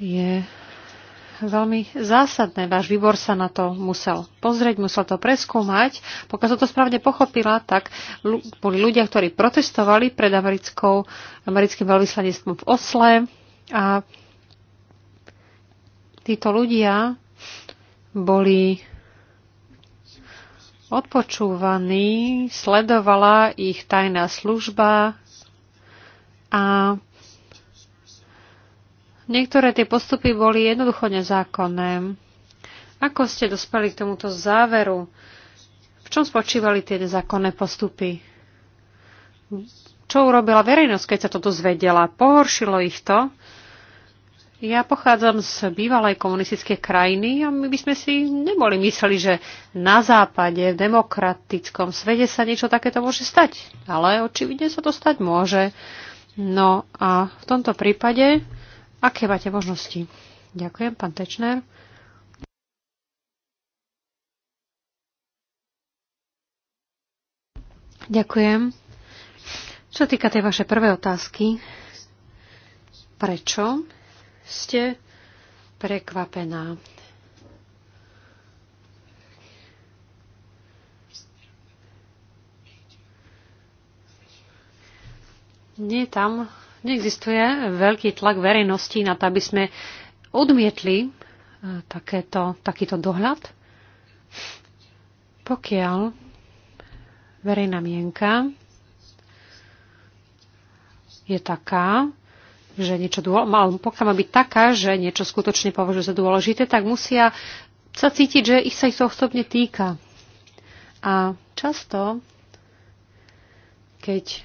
je veľmi zásadné. Váš výbor sa na to musel pozrieť, musel to preskúmať. Pokiaľ som to správne pochopila, tak boli ľudia, ktorí protestovali pred americkou, americkým veľvyslanectvom v Osle a Títo ľudia boli odpočúvaní, sledovala ich tajná služba a niektoré tie postupy boli jednoducho nezákonné. Ako ste dospeli k tomuto záveru? V čom spočívali tie nezákonné postupy? Čo urobila verejnosť, keď sa to dozvedela? Pohoršilo ich to? Ja pochádzam z bývalej komunistickej krajiny a my by sme si neboli mysleli, že na západe, v demokratickom svete sa niečo takéto môže stať. Ale očividne sa to stať môže. No a v tomto prípade, aké máte možnosti? Ďakujem, pán Tečner. Ďakujem. Čo týka tej vašej prvej otázky, prečo ste prekvapená. Nie tam, neexistuje veľký tlak verejnosti na to, aby sme odmietli e, takéto, takýto dohľad. Pokiaľ verejná mienka je taká, že niečo dôle, pokiaľ má byť taká, že niečo skutočne považujú za dôležité, tak musia sa cítiť, že ich sa ich to osobne týka. A často, keď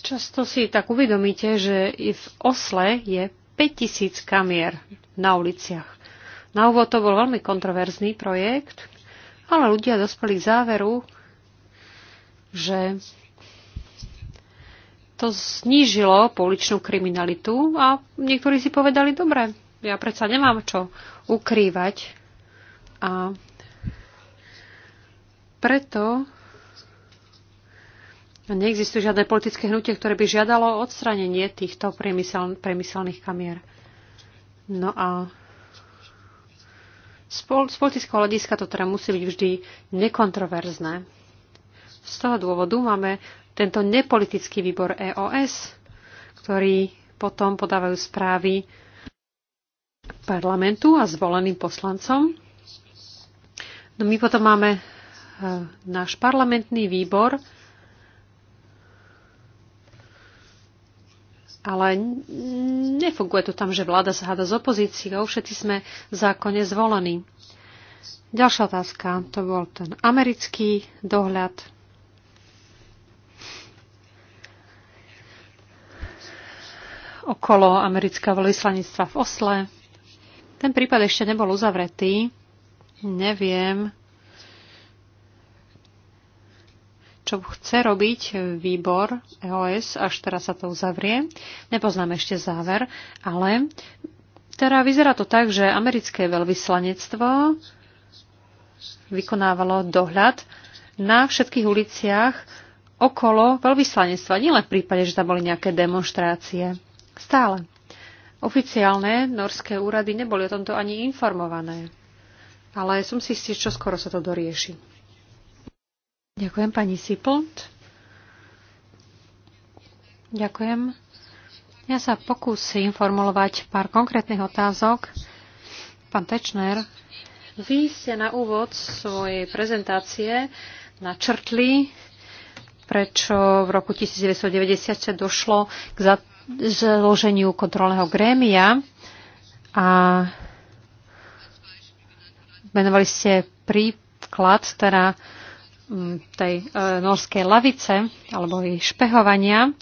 často si tak uvedomíte, že i v Osle je 5000 kamier na uliciach. Na úvod to bol veľmi kontroverzný projekt, ale ľudia dospeli k záveru, že to znížilo pouličnú kriminalitu a niektorí si povedali, dobre, ja predsa nemám čo ukrývať. A preto neexistuje žiadne politické hnutie, ktoré by žiadalo odstranenie týchto priemyselných kamier. No a z politického hľadiska to teda musí byť vždy nekontroverzné. Z toho dôvodu máme tento nepolitický výbor EOS, ktorý potom podávajú správy parlamentu a zvoleným poslancom. No my potom máme e, náš parlamentný výbor, ale nefunguje to tam, že vláda sa háda s opozíciou, všetci sme zákonne zvolení. Ďalšia otázka, to bol ten americký dohľad okolo amerického veľvyslanictva v Osle. Ten prípad ešte nebol uzavretý. Neviem, čo chce robiť výbor EOS, až teraz sa to uzavrie. Nepoznám ešte záver, ale teda vyzerá to tak, že americké veľvyslanectvo vykonávalo dohľad na všetkých uliciach okolo veľvyslanectva, nielen v prípade, že tam boli nejaké demonstrácie. Stále. Oficiálne norské úrady neboli o tomto ani informované, ale som si istý, čo skoro sa to dorieši. Ďakujem pani Sipolt. Ďakujem. Ja sa pokúsim formulovať pár konkrétnych otázok. Pán Tečner, vy ste na úvod svojej prezentácie načrtli, prečo v roku 1990 došlo k, zatvoreniu zloženiu kontrolného grémia a menovali ste príklad teda mm, tej e, norskej lavice alebo jej špehovania.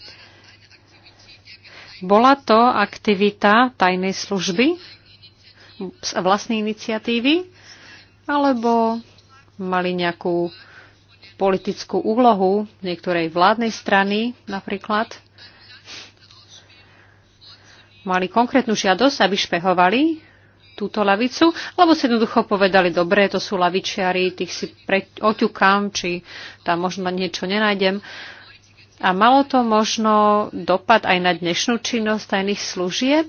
Bola to aktivita tajnej služby z vlastnej iniciatívy alebo mali nejakú politickú úlohu niektorej vládnej strany napríklad mali konkrétnu žiadosť, aby špehovali túto lavicu, lebo si jednoducho povedali, dobre, to sú lavičiari, tých si pre, oťukám, či tam možno niečo nenájdem. A malo to možno dopad aj na dnešnú činnosť tajných služieb.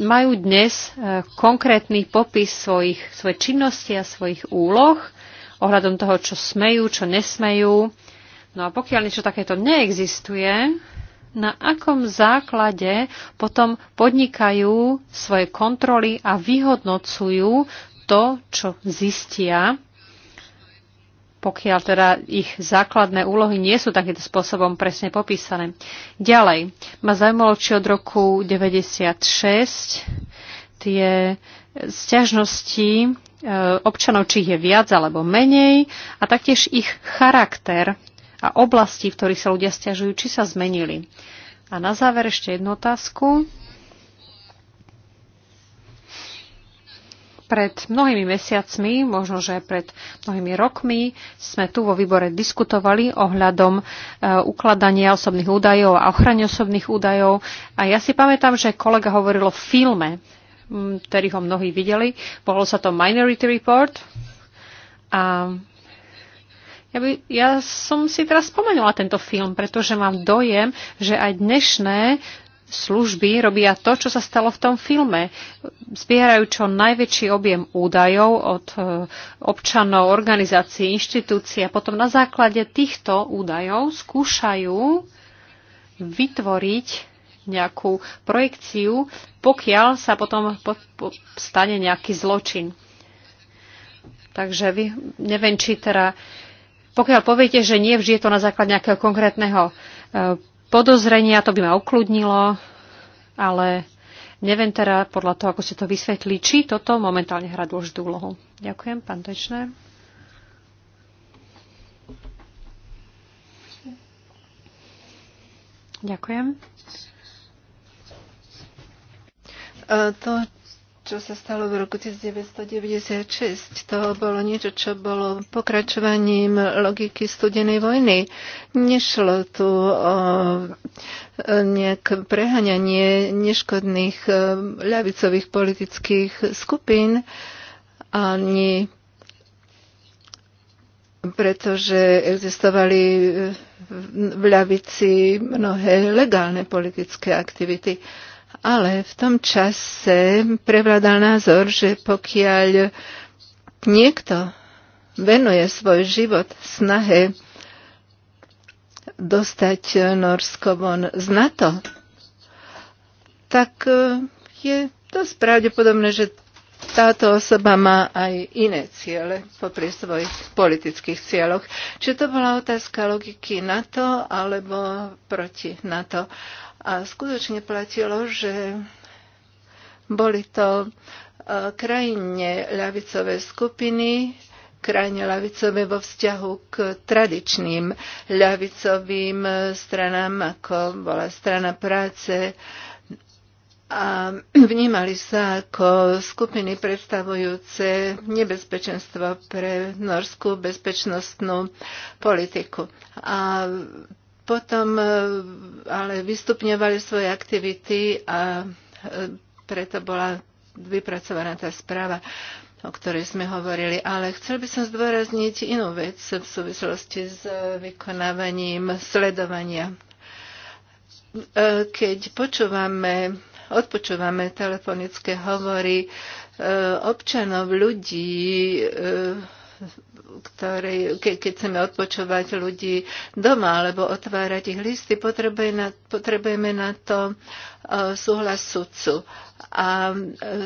Majú dnes e, konkrétny popis svojich, svojej činnosti a svojich úloh ohľadom toho, čo smejú, čo nesmejú. No a pokiaľ niečo takéto neexistuje, na akom základe potom podnikajú svoje kontroly a vyhodnocujú to, čo zistia, pokiaľ teda ich základné úlohy nie sú takýmto spôsobom presne popísané. Ďalej, ma zaujímalo, či od roku 96 tie sťažnosti e, občanov, či ich je viac alebo menej, a taktiež ich charakter a oblasti, v ktorých sa ľudia stiažujú, či sa zmenili. A na záver ešte jednu otázku. Pred mnohými mesiacmi, možno že pred mnohými rokmi, sme tu vo výbore diskutovali ohľadom e, ukladania osobných údajov a ochrany osobných údajov. A ja si pamätám, že kolega hovoril o filme, ktorý ho mnohí videli. Bolo sa to Minority Report. A ja, by, ja som si teraz spomenula tento film, pretože mám dojem, že aj dnešné služby robia to, čo sa stalo v tom filme. Zbierajú čo najväčší objem údajov od e, občanov, organizácií, inštitúcií a potom na základe týchto údajov skúšajú vytvoriť nejakú projekciu, pokiaľ sa potom po, po, stane nejaký zločin. Takže vy, neviem, či teda pokiaľ poviete, že nie vždy je to na základe nejakého konkrétneho e, podozrenia, to by ma ukludnilo, ale neviem teda podľa toho, ako ste to vysvetli, či toto momentálne hrá dôležitú úlohu. Ďakujem, pán Tečné. Ďakujem. E, to, čo sa stalo v roku 1996. To bolo niečo, čo bolo pokračovaním logiky studenej vojny. Nešlo tu o nejaké preháňanie neškodných e, ľavicových politických skupín ani pretože existovali v ľavici mnohé legálne politické aktivity ale v tom čase prevládal názor, že pokiaľ niekto venuje svoj život snahe dostať Norsko von z NATO, tak e, je dosť pravdepodobné, že táto osoba má aj iné ciele popri svojich politických cieľoch. Či to bola otázka logiky NATO alebo proti NATO. A skutočne platilo, že boli to e, krajine ľavicové skupiny, krajine ľavicové vo vzťahu k tradičným ľavicovým e, stranám, ako bola strana práce, a vnímali sa ako skupiny predstavujúce nebezpečenstvo pre norskú bezpečnostnú politiku. A potom e, ale vystupňovali svoje aktivity a e, preto bola vypracovaná tá správa, o ktorej sme hovorili. Ale chcel by som zdôrazniť inú vec v súvislosti s vykonávaním sledovania. E, keď počúvame, odpočúvame telefonické hovory občanov, ľudí, ktorej, ke, keď chceme odpočúvať ľudí doma alebo otvárať ich listy, potrebujeme na, potrebujeme na to e, súhlas sudcu. A e,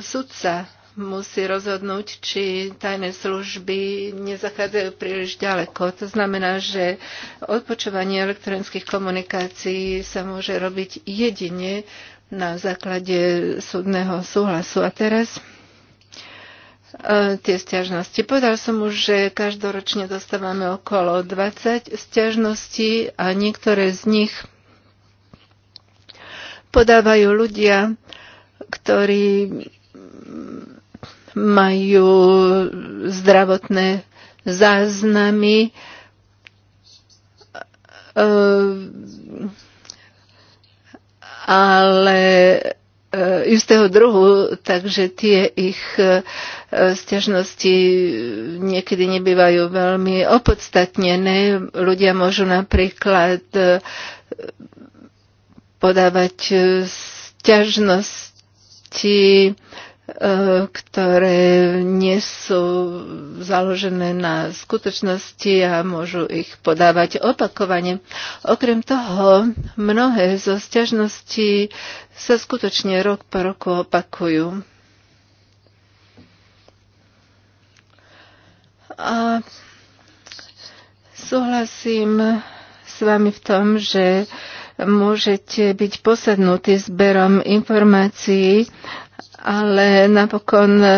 sudca musí rozhodnúť, či tajné služby nezachádzajú príliš ďaleko. To znamená, že odpočúvanie elektronických komunikácií sa môže robiť jedine na základe súdneho súhlasu. A teraz E, tie stiažnosti. Povedal som už, že každoročne dostávame okolo 20 stiažností a niektoré z nich podávajú ľudia, ktorí majú zdravotné záznamy. E, ale E, istého druhu, takže tie ich e, stiažnosti niekedy nebývajú veľmi opodstatnené. Ľudia môžu napríklad e, podávať stiažnosti E, ktoré nie sú založené na skutočnosti a môžu ich podávať opakovane. Okrem toho, mnohé zo stiažností sa skutočne rok po roku opakujú. A súhlasím s vami v tom, že uh, môžete byť posadnutí zberom informácií, ale napokon e,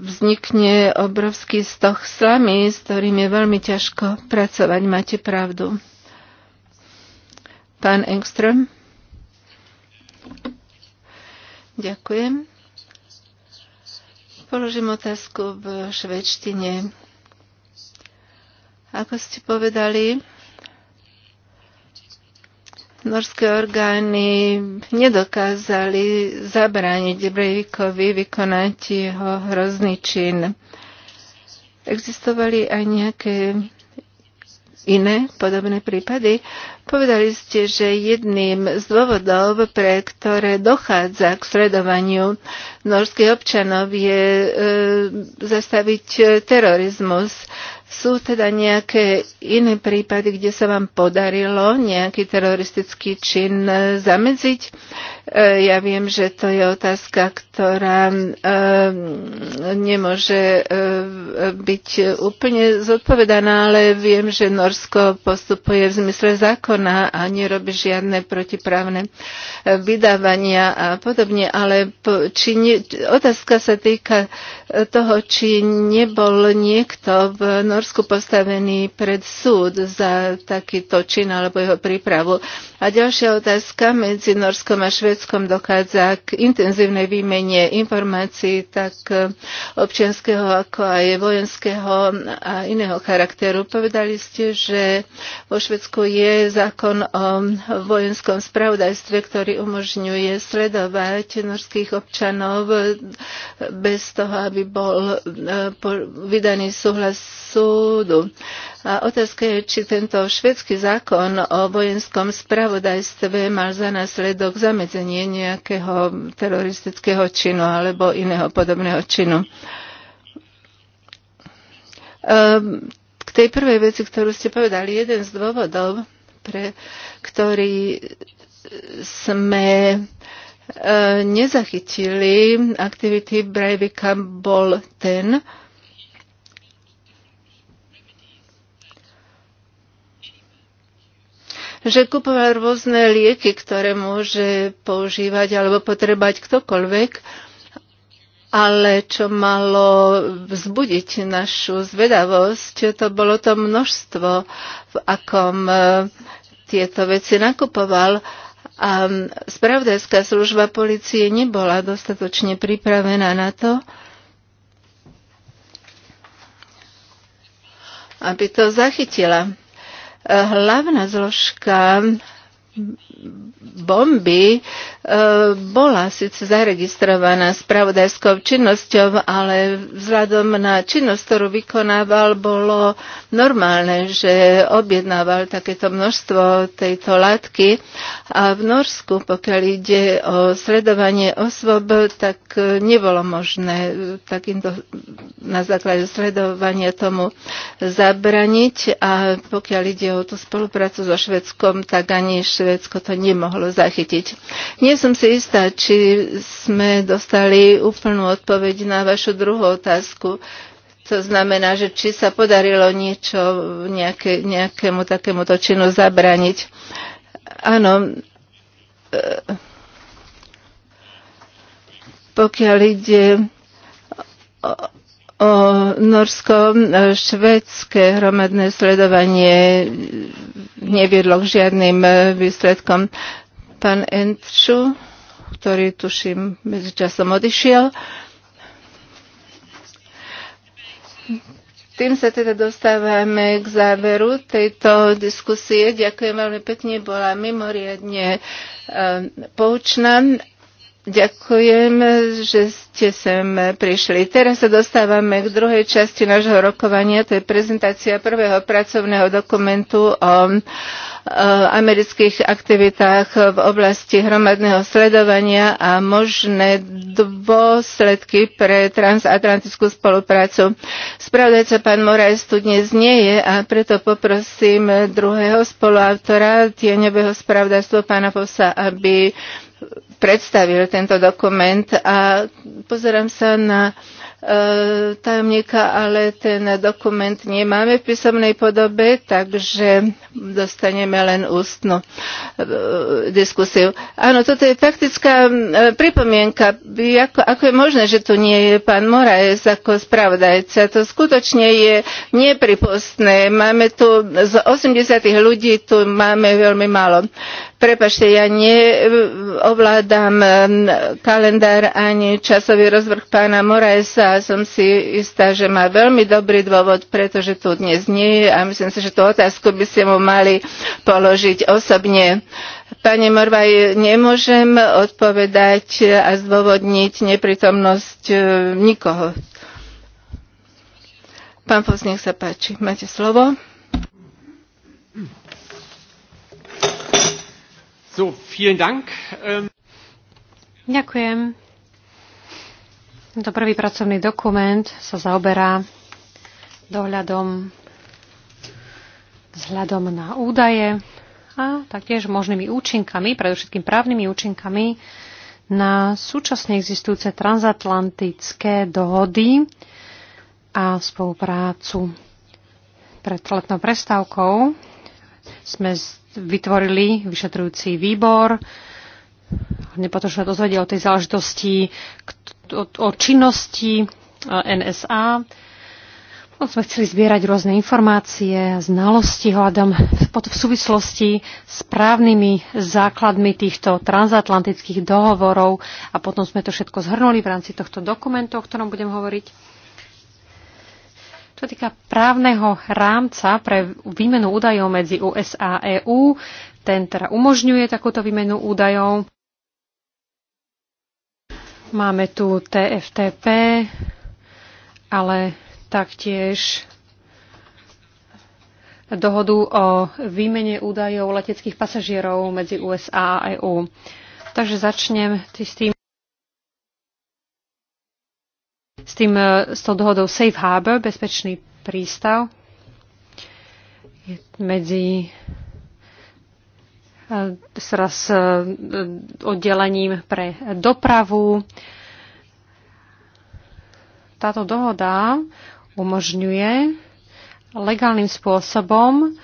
vznikne obrovský stoch slamy, s ktorým je veľmi ťažko pracovať. Máte pravdu. Pán Engström? Ďakujem. Položím otázku v švedštine. Ako ste povedali, Norské orgány nedokázali zabrániť Breivikovi vykonať jeho hrozný čin. Existovali aj nejaké iné podobné prípady. Povedali ste, že jedným z dôvodov, pre ktoré dochádza k sledovaniu norských občanov, je e, zastaviť terorizmus. Sú teda nejaké iné prípady, kde sa vám podarilo nejaký teroristický čin zamedziť? E, ja viem, že to je otázka, ktorá e, nemôže e, byť úplne zodpovedaná, ale viem, že Norsko postupuje v zmysle zákona a nerobí žiadne protiprávne vydávania a podobne, ale či nie, otázka sa týka toho, či nebol niekto v Norsku postavený pred súd za takýto čin alebo jeho prípravu. A ďalšia otázka medzi Norskom a Švedskom Tureckom dochádza k intenzívnej výmene informácií, tak e, občianského, ako aj vojenského a iného charakteru. Povedali ste, že vo Švedsku je zákon o vojenskom spravodajstve, ktorý umožňuje sledovať norských občanov bez toho, aby bol e, vydaný súhlas súdu. A otázka je, či tento švedský zákon o vojenskom spravodajstve mal za následok zamedzenie nejakého teroristického činu alebo iného podobného činu. Ehm, k tej prvej veci, ktorú ste povedali, jeden z dôvodov, pre ktorý sme eh, nezachytili aktivity Breivika, bol ten, že kupoval rôzne lieky, ktoré môže používať alebo potrebať ktokoľvek, ale čo malo vzbudiť našu zvedavosť, to bolo to množstvo, v akom e, tieto veci nakupoval. A spravodajská služba policie nebola dostatočne pripravená na to, aby to zachytila hlavná zložka bomby bola síce zaregistrovaná spravodajskou činnosťou, ale vzhľadom na činnosť, ktorú vykonával, bolo normálne, že objednával takéto množstvo tejto látky. A v Norsku, pokiaľ ide o sledovanie osôb, tak nebolo možné takýmto na základe sledovania tomu zabraniť. A pokiaľ ide o tú spoluprácu so Švedskom, tak ani Švedsko to nemohlo zachytiť. Nie nie som si istá, či sme dostali úplnú odpoveď na vašu druhú otázku. To znamená, že či sa podarilo niečo nejaké, nejakému takémuto činu zabraniť. Áno, e, pokiaľ ide o, o norsko-švedské hromadné sledovanie neviedlo k žiadnym výsledkom pán Enču, ktorý tuším medzičasom odišiel. Tým sa teda dostávame k záveru tejto diskusie. Ďakujem veľmi pekne, bola mimoriadne eh, poučná Ďakujem, že ste sem prišli. Teraz sa dostávame k druhej časti nášho rokovania, to je prezentácia prvého pracovného dokumentu o amerických aktivitách v oblasti hromadného sledovania a možné dôsledky pre transatlantickú spoluprácu. Spravodajca pán Moraes tu dnes nie je a preto poprosím druhého spoluautora tieňového spravodajstva pána Fosa, aby predstavil tento dokument a pozerám sa na e, tajomníka, ale ten dokument nemáme v písomnej podobe, takže dostaneme len ústnu e, diskusiu. Áno, toto je faktická e, pripomienka. Ako, ako je možné, že tu nie je pán Moraes ako spravodajca? To skutočne je nepripustné. Máme tu z 80 ľudí, tu máme veľmi málo Prepašte, ja neovládam um, kalendár ani časový rozvrh pána Moraesa a som si istá, že má veľmi dobrý dôvod, pretože tu dnes nie je a myslím si, že tú otázku by ste mu mali položiť osobne. Pani Morvaj, nemôžem odpovedať a zdôvodniť neprítomnosť uh, nikoho. Pán Fos, nech sa páči, máte slovo. So, vielen Dank. Ähm Ďakujem. Tento prvý pracovný dokument sa zaoberá dohľadom vzhľadom na údaje a taktiež možnými účinkami, predovšetkým právnymi účinkami na súčasne existujúce transatlantické dohody a spoluprácu. Pred letnou prestávkou sme vytvorili vyšetrujúci výbor. Potom sa dozvedel o tej záležitosti, o, o činnosti NSA. Potom sme chceli zbierať rôzne informácie, znalosti hľadom v súvislosti s právnymi základmi týchto transatlantických dohovorov a potom sme to všetko zhrnuli v rámci tohto dokumentu, o ktorom budem hovoriť. Čo týka právneho rámca pre výmenu údajov medzi USA a EÚ, ten teda umožňuje takúto výmenu údajov. Máme tu TFTP, ale taktiež dohodu o výmene údajov leteckých pasažierov medzi USA a EÚ. Takže začnem s tým s, tým, e, s tou dohodou Safe Harbor, bezpečný prístav medzi s e, e, oddelením pre dopravu. Táto dohoda umožňuje legálnym spôsobom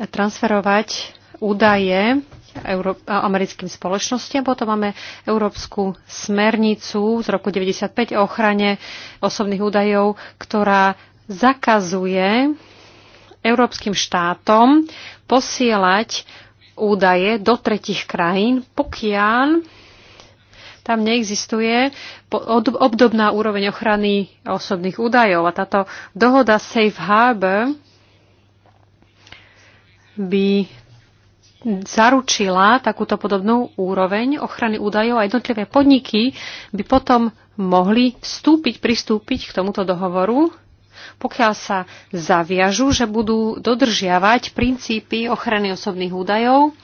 transferovať údaje americkým spoločnostiam. Potom máme Európsku smernicu z roku 1995 o ochrane osobných údajov, ktorá zakazuje európskym štátom posielať údaje do tretich krajín, pokiaľ tam neexistuje obdobná úroveň ochrany osobných údajov. A táto dohoda Safe Harbor by zaručila takúto podobnú úroveň ochrany údajov a jednotlivé podniky by potom mohli vstúpiť, pristúpiť k tomuto dohovoru, pokiaľ sa zaviažu, že budú dodržiavať princípy ochrany osobných údajov.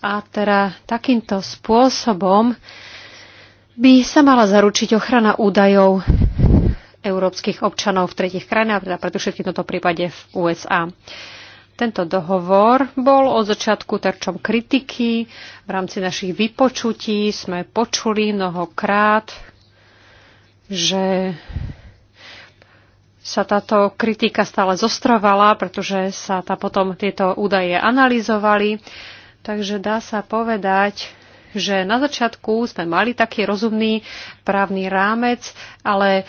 A teda takýmto spôsobom by sa mala zaručiť ochrana údajov európskych občanov v tretich krajinách, teda preto všetkým toto prípade v USA. Tento dohovor bol od začiatku terčom kritiky. V rámci našich vypočutí sme počuli mnohokrát, že sa táto kritika stále zostrovala, pretože sa tá potom tieto údaje analyzovali. Takže dá sa povedať, že na začiatku sme mali taký rozumný právny rámec, ale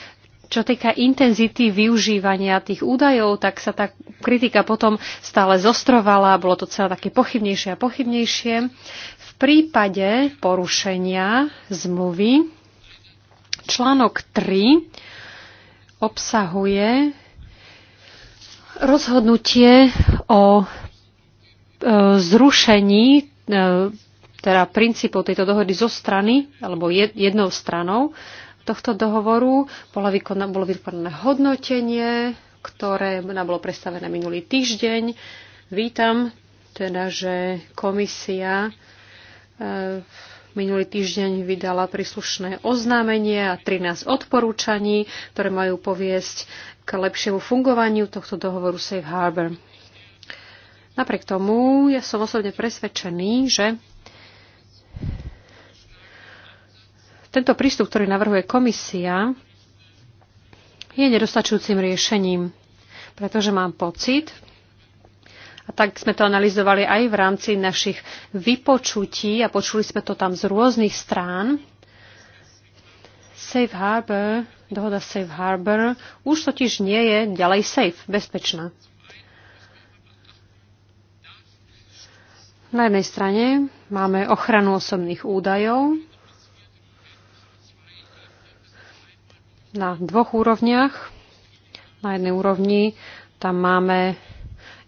čo týka intenzity využívania tých údajov, tak sa tá kritika potom stále zostrovala, bolo to celé také pochybnejšie a pochybnejšie. V prípade porušenia zmluvy článok 3 obsahuje rozhodnutie o e, zrušení e, teda princípov tejto dohody zo strany alebo jednou stranou tohto dohovoru. Bolo vykonané, bolo vykonané hodnotenie, ktoré nám bolo predstavené minulý týždeň. Vítam teda, že komisia e, minulý týždeň vydala príslušné oznámenie a 13 odporúčaní, ktoré majú poviesť k lepšiemu fungovaniu tohto dohovoru Safe Harbor. Napriek tomu ja som osobne presvedčený, že tento prístup, ktorý navrhuje komisia, je nedostačujúcim riešením, pretože mám pocit, a tak sme to analyzovali aj v rámci našich vypočutí a počuli sme to tam z rôznych strán. Safe Harbor, dohoda Safe Harbor, už totiž nie je ďalej safe, bezpečná. Na jednej strane máme ochranu osobných údajov, na dvoch úrovniach. Na jednej úrovni tam máme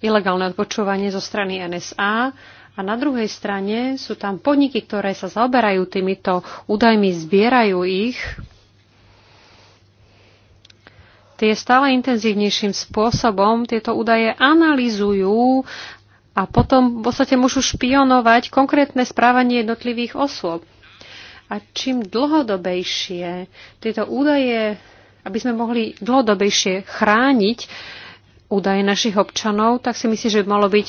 ilegálne odpočúvanie zo strany NSA a na druhej strane sú tam podniky, ktoré sa zaoberajú týmito údajmi, zbierajú ich. Tie stále intenzívnejším spôsobom tieto údaje analýzujú a potom v podstate môžu špionovať konkrétne správanie jednotlivých osôb a čím dlhodobejšie tieto údaje, aby sme mohli dlhodobejšie chrániť údaje našich občanov, tak si myslím, že by malo byť,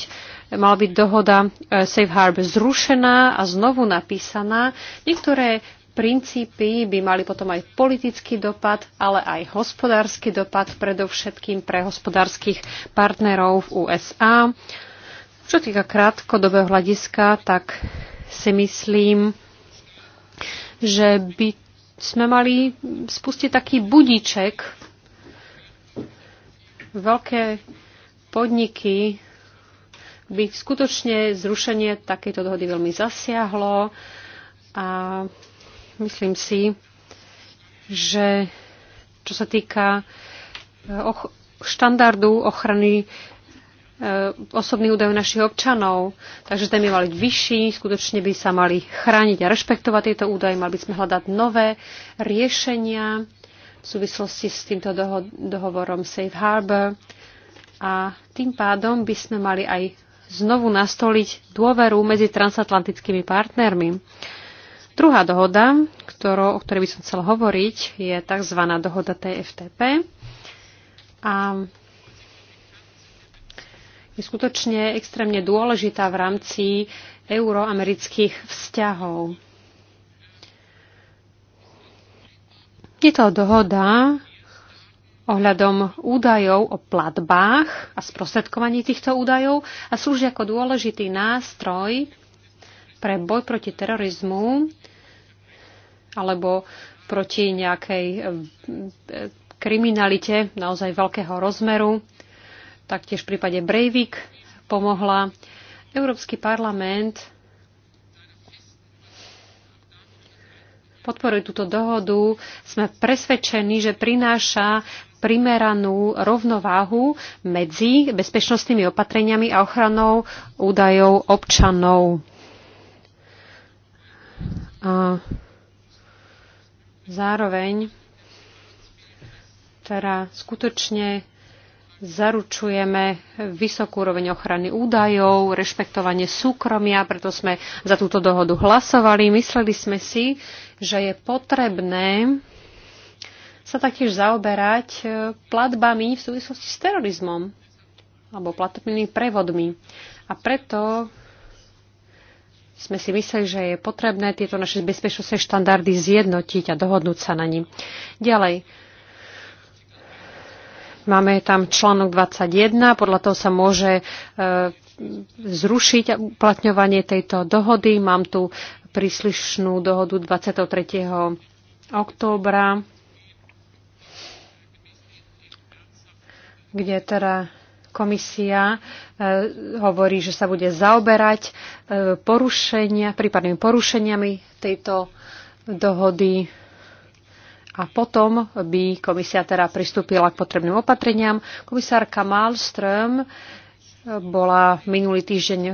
mala byť dohoda e, Safe Harbor zrušená a znovu napísaná. Niektoré princípy by mali potom aj politický dopad, ale aj hospodársky dopad, predovšetkým pre hospodárskych partnerov v USA. Čo týka krátkodobého hľadiska, tak si myslím, že by sme mali spustiť taký budíček, Veľké podniky by skutočne zrušenie takéto dohody veľmi zasiahlo a myslím si, že čo sa týka štandardu ochrany E, osobných údajov našich občanov. Takže ten by mal byť vyšší, skutočne by sa mali chrániť a rešpektovať tieto údaje, mali by sme hľadať nové riešenia v súvislosti s týmto doho- dohovorom Safe Harbor. A tým pádom by sme mali aj znovu nastoliť dôveru medzi transatlantickými partnermi. Druhá dohoda, ktorou, o ktorej by som chcel hovoriť, je tzv. dohoda TFTP. A je skutočne extrémne dôležitá v rámci euroamerických vzťahov. Je to dohoda ohľadom údajov o platbách a sprostredkovaní týchto údajov a slúži ako dôležitý nástroj pre boj proti terorizmu alebo proti nejakej eh, kriminalite naozaj veľkého rozmeru taktiež v prípade Breivik pomohla. Európsky parlament podporuje túto dohodu. Sme presvedčení, že prináša primeranú rovnováhu medzi bezpečnostnými opatreniami a ochranou údajov občanov. A zároveň teda skutočne zaručujeme vysokú úroveň ochrany údajov, rešpektovanie súkromia, preto sme za túto dohodu hlasovali. Mysleli sme si, že je potrebné sa taktiež zaoberať e, platbami v súvislosti s terorizmom alebo platobnými prevodmi. A preto sme si mysleli, že je potrebné tieto naše bezpečnostné štandardy zjednotiť a dohodnúť sa na ní. Ďalej, Máme tam článok 21, podľa toho sa môže e, zrušiť uplatňovanie tejto dohody. Mám tu príslišnú dohodu 23. októbra, kde teda komisia e, hovorí, že sa bude zaoberať e, porušenia, prípadnými porušeniami tejto dohody a potom by komisia teda pristúpila k potrebným opatreniam. Komisárka Malström bola minulý týždeň v,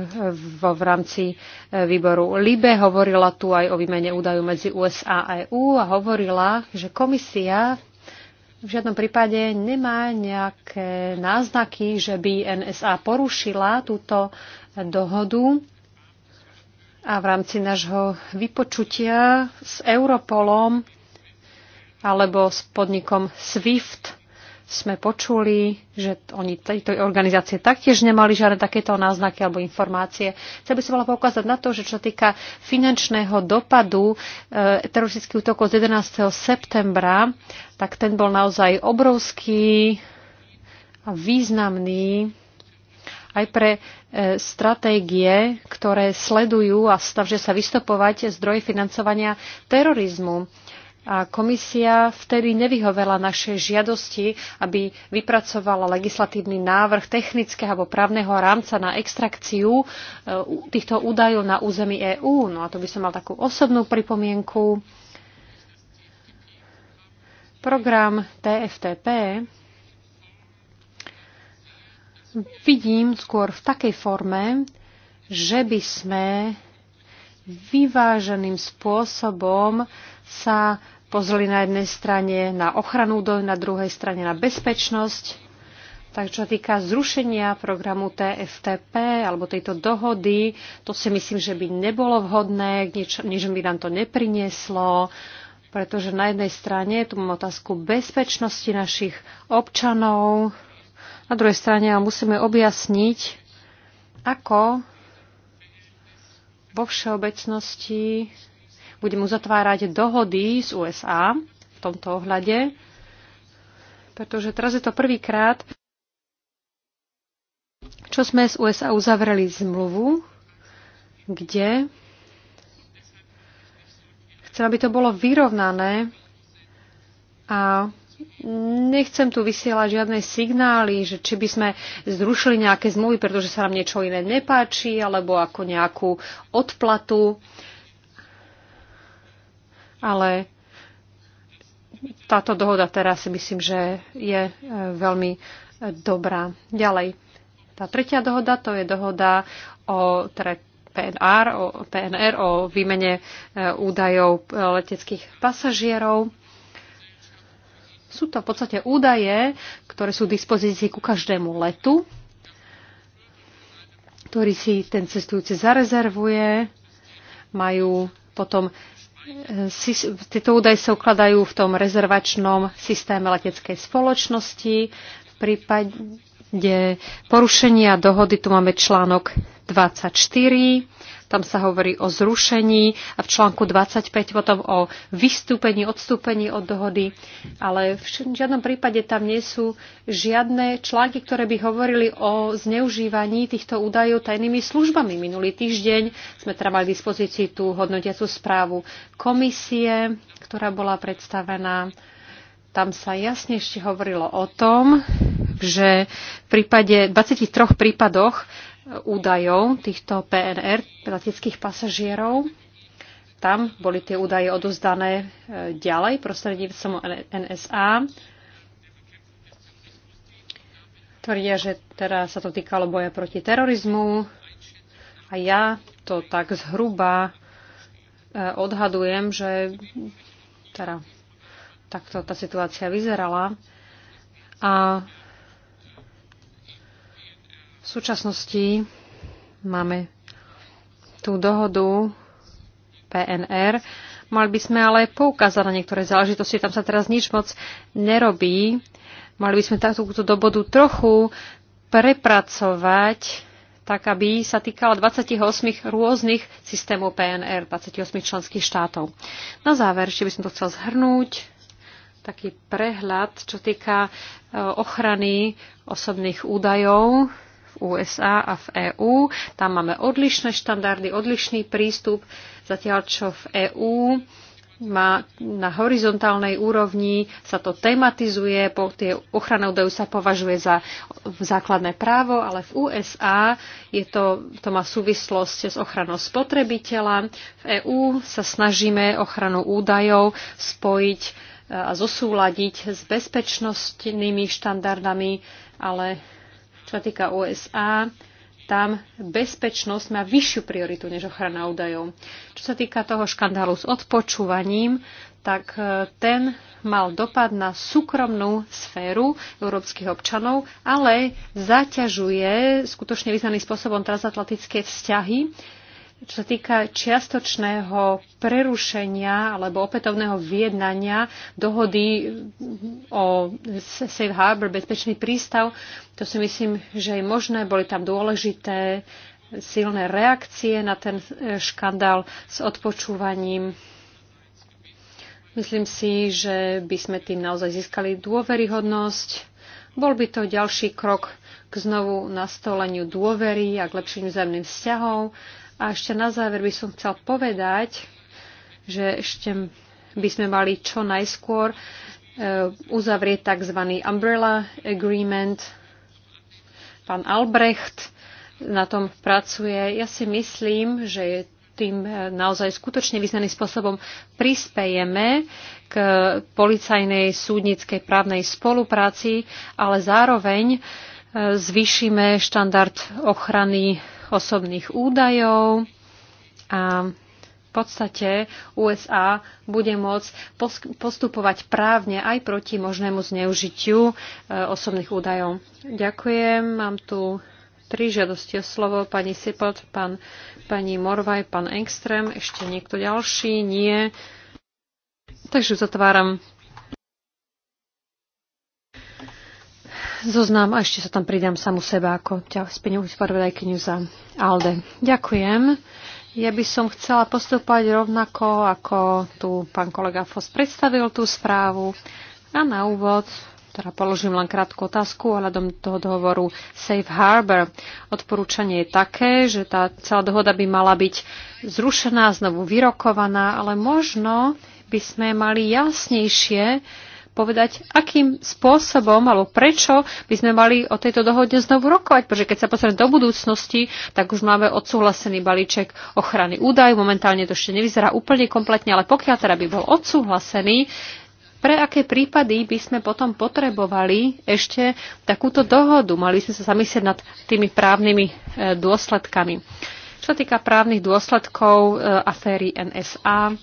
v rámci e, výboru LIBE, hovorila tu aj o výmene údajov medzi USA a EU a hovorila, že komisia v žiadnom prípade nemá nejaké náznaky, že by NSA porušila túto dohodu. A v rámci nášho vypočutia s Europolom alebo s podnikom SWIFT sme počuli, že oni tejto organizácie taktiež nemali žiadne takéto náznaky alebo informácie. Chcel by som ale poukázať na to, že čo týka finančného dopadu e, teroristických útokov z 11. septembra, tak ten bol naozaj obrovský a významný aj pre e, stratégie, ktoré sledujú a stavže sa vystopovať zdroje financovania terorizmu. E, a komisia vtedy nevyhovela našej žiadosti, aby vypracovala legislatívny návrh technického alebo právneho rámca na extrakciu e, týchto údajov na území EÚ. No a to by som mal takú osobnú pripomienku. Program TFTP vidím skôr v takej forme, že by sme vyváženým spôsobom sa pozreli na jednej strane na ochranu údajov, na druhej strane na bezpečnosť. Tak čo týka zrušenia programu TFTP alebo tejto dohody, to si myslím, že by nebolo vhodné, nič, nič by nám to neprinieslo, pretože na jednej strane tu mám otázku bezpečnosti našich občanov, na druhej strane musíme objasniť, ako vo všeobecnosti budem uzatvárať dohody z USA v tomto ohľade, pretože teraz je to prvýkrát, čo sme z USA uzavreli zmluvu, kde chcem, aby to bolo vyrovnané a nechcem tu vysielať žiadne signály, že či by sme zrušili nejaké zmluvy, pretože sa nám niečo iné nepáči, alebo ako nejakú odplatu. Ale táto dohoda teraz si myslím, že je e, veľmi e, dobrá. Ďalej. Tá tretia dohoda, to je dohoda o teda PNR, o, PNR, o výmene e, údajov leteckých pasažierov. Sú to v podstate údaje, ktoré sú v dispozícii ku každému letu, ktorý si ten cestujúci zarezervuje. Majú potom e, tieto údaje sa ukladajú v tom rezervačnom systéme leteckej spoločnosti. V prípade porušenia dohody tu máme článok 24, tam sa hovorí o zrušení a v článku 25 potom o vystúpení, odstúpení od dohody, ale v žiadnom prípade tam nie sú žiadne články, ktoré by hovorili o zneužívaní týchto údajov tajnými službami. Minulý týždeň sme teda mali v dispozícii tú hodnotiacu správu komisie, ktorá bola predstavená. Tam sa jasne ešte hovorilo o tom, že v prípade 23 prípadoch údajov týchto PNR, leteckých pasažierov. Tam boli tie údaje odozdané e, ďalej prostredníctvom NSA. Tvrdia, že teraz sa to týkalo boja proti terorizmu a ja to tak zhruba e, odhadujem, že teda takto tá situácia vyzerala. A v súčasnosti máme tú dohodu PNR. Mali by sme ale poukázať na niektoré záležitosti, tam sa teraz nič moc nerobí. Mali by sme takúto dobodu trochu prepracovať, tak aby sa týkala 28 rôznych systémov PNR, 28 členských štátov. Na záver, ešte by som to chcel zhrnúť, taký prehľad, čo týka e, ochrany osobných údajov USA a v EÚ. Tam máme odlišné štandardy, odlišný prístup, zatiaľ čo v EÚ má na horizontálnej úrovni, sa to tematizuje, po tie ochrana údajov sa považuje za základné právo, ale v USA je to, to má súvislosť s ochranou spotrebiteľa. V EÚ sa snažíme ochranu údajov spojiť e, a zosúladiť s bezpečnostnými štandardami, ale čo sa týka USA, tam bezpečnosť má vyššiu prioritu než ochrana údajov. Čo sa týka toho škandálu s odpočúvaním, tak e, ten mal dopad na súkromnú sféru európskych občanov, ale zaťažuje skutočne významným spôsobom transatlantické vzťahy čo sa týka čiastočného prerušenia alebo opätovného vyjednania dohody o Safe Harbor, bezpečný prístav, to si myslím, že je možné. Boli tam dôležité silné reakcie na ten e, škandál s odpočúvaním. Myslím si, že by sme tým naozaj získali dôveryhodnosť. Bol by to ďalší krok k znovu nastoleniu dôvery a k lepším vzájomným vzťahom a ešte na záver by som chcel povedať, že ešte by sme mali čo najskôr e, uzavrieť tzv. Umbrella Agreement. Pán Albrecht na tom pracuje. Ja si myslím, že je tým e, naozaj skutočne významným spôsobom prispejeme k policajnej, súdnickej, právnej spolupráci, ale zároveň e, zvýšime štandard ochrany osobných údajov a v podstate USA bude môcť postupovať právne aj proti možnému zneužitiu e, osobných údajov. Ďakujem. Mám tu tri žiadosti o slovo. Pani Sipot, pán, pani Morvaj, pán Engström. Ešte niekto ďalší? Nie. Takže zatváram zoznam a ešte sa tam pridám samu seba ako ťa spinú spravodajkyňu za ALDE. Ďakujem. Ja by som chcela postúpať rovnako, ako tu pán kolega Fos predstavil tú správu. A na úvod, teda položím len krátku otázku ohľadom toho dohovoru Safe Harbor. Odporúčanie je také, že tá celá dohoda by mala byť zrušená, znovu vyrokovaná, ale možno by sme mali jasnejšie povedať, akým spôsobom alebo prečo by sme mali o tejto dohode znovu rokovať, pretože keď sa pozrieme do budúcnosti, tak už máme odsúhlasený balíček ochrany údajov. Momentálne to ešte nevyzerá úplne kompletne, ale pokiaľ teda by bol odsúhlasený, pre aké prípady by sme potom potrebovali ešte takúto dohodu. Mali sme sa zamyslieť nad tými právnymi e, dôsledkami. Čo týka právnych dôsledkov e, aféry NSA,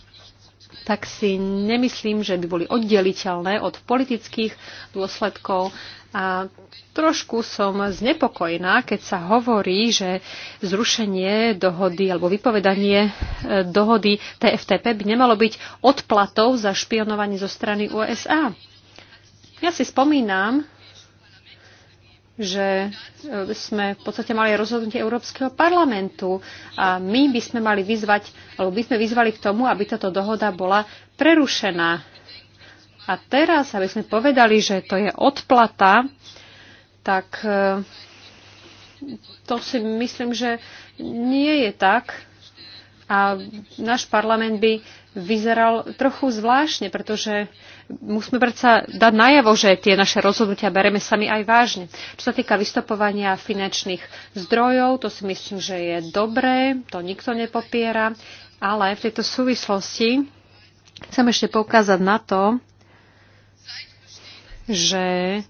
tak si nemyslím, že by boli oddeliteľné od politických dôsledkov. A trošku som znepokojná, keď sa hovorí, že zrušenie dohody alebo vypovedanie e, dohody TFTP by nemalo byť odplatou za špionovanie zo strany USA. Ja si spomínam, že e, sme v podstate mali rozhodnutie Európskeho parlamentu a my by sme mali vyzvať, alebo by sme vyzvali k tomu, aby táto dohoda bola prerušená. A teraz, aby sme povedali, že to je odplata, tak e, to si myslím, že nie je tak, a náš parlament by vyzeral trochu zvláštne, pretože musíme predsa dať najavo, že tie naše rozhodnutia bereme sami aj vážne. Čo sa týka vystupovania finančných zdrojov, to si myslím, že je dobré, to nikto nepopiera, ale v tejto súvislosti chcem ešte poukázať na to, že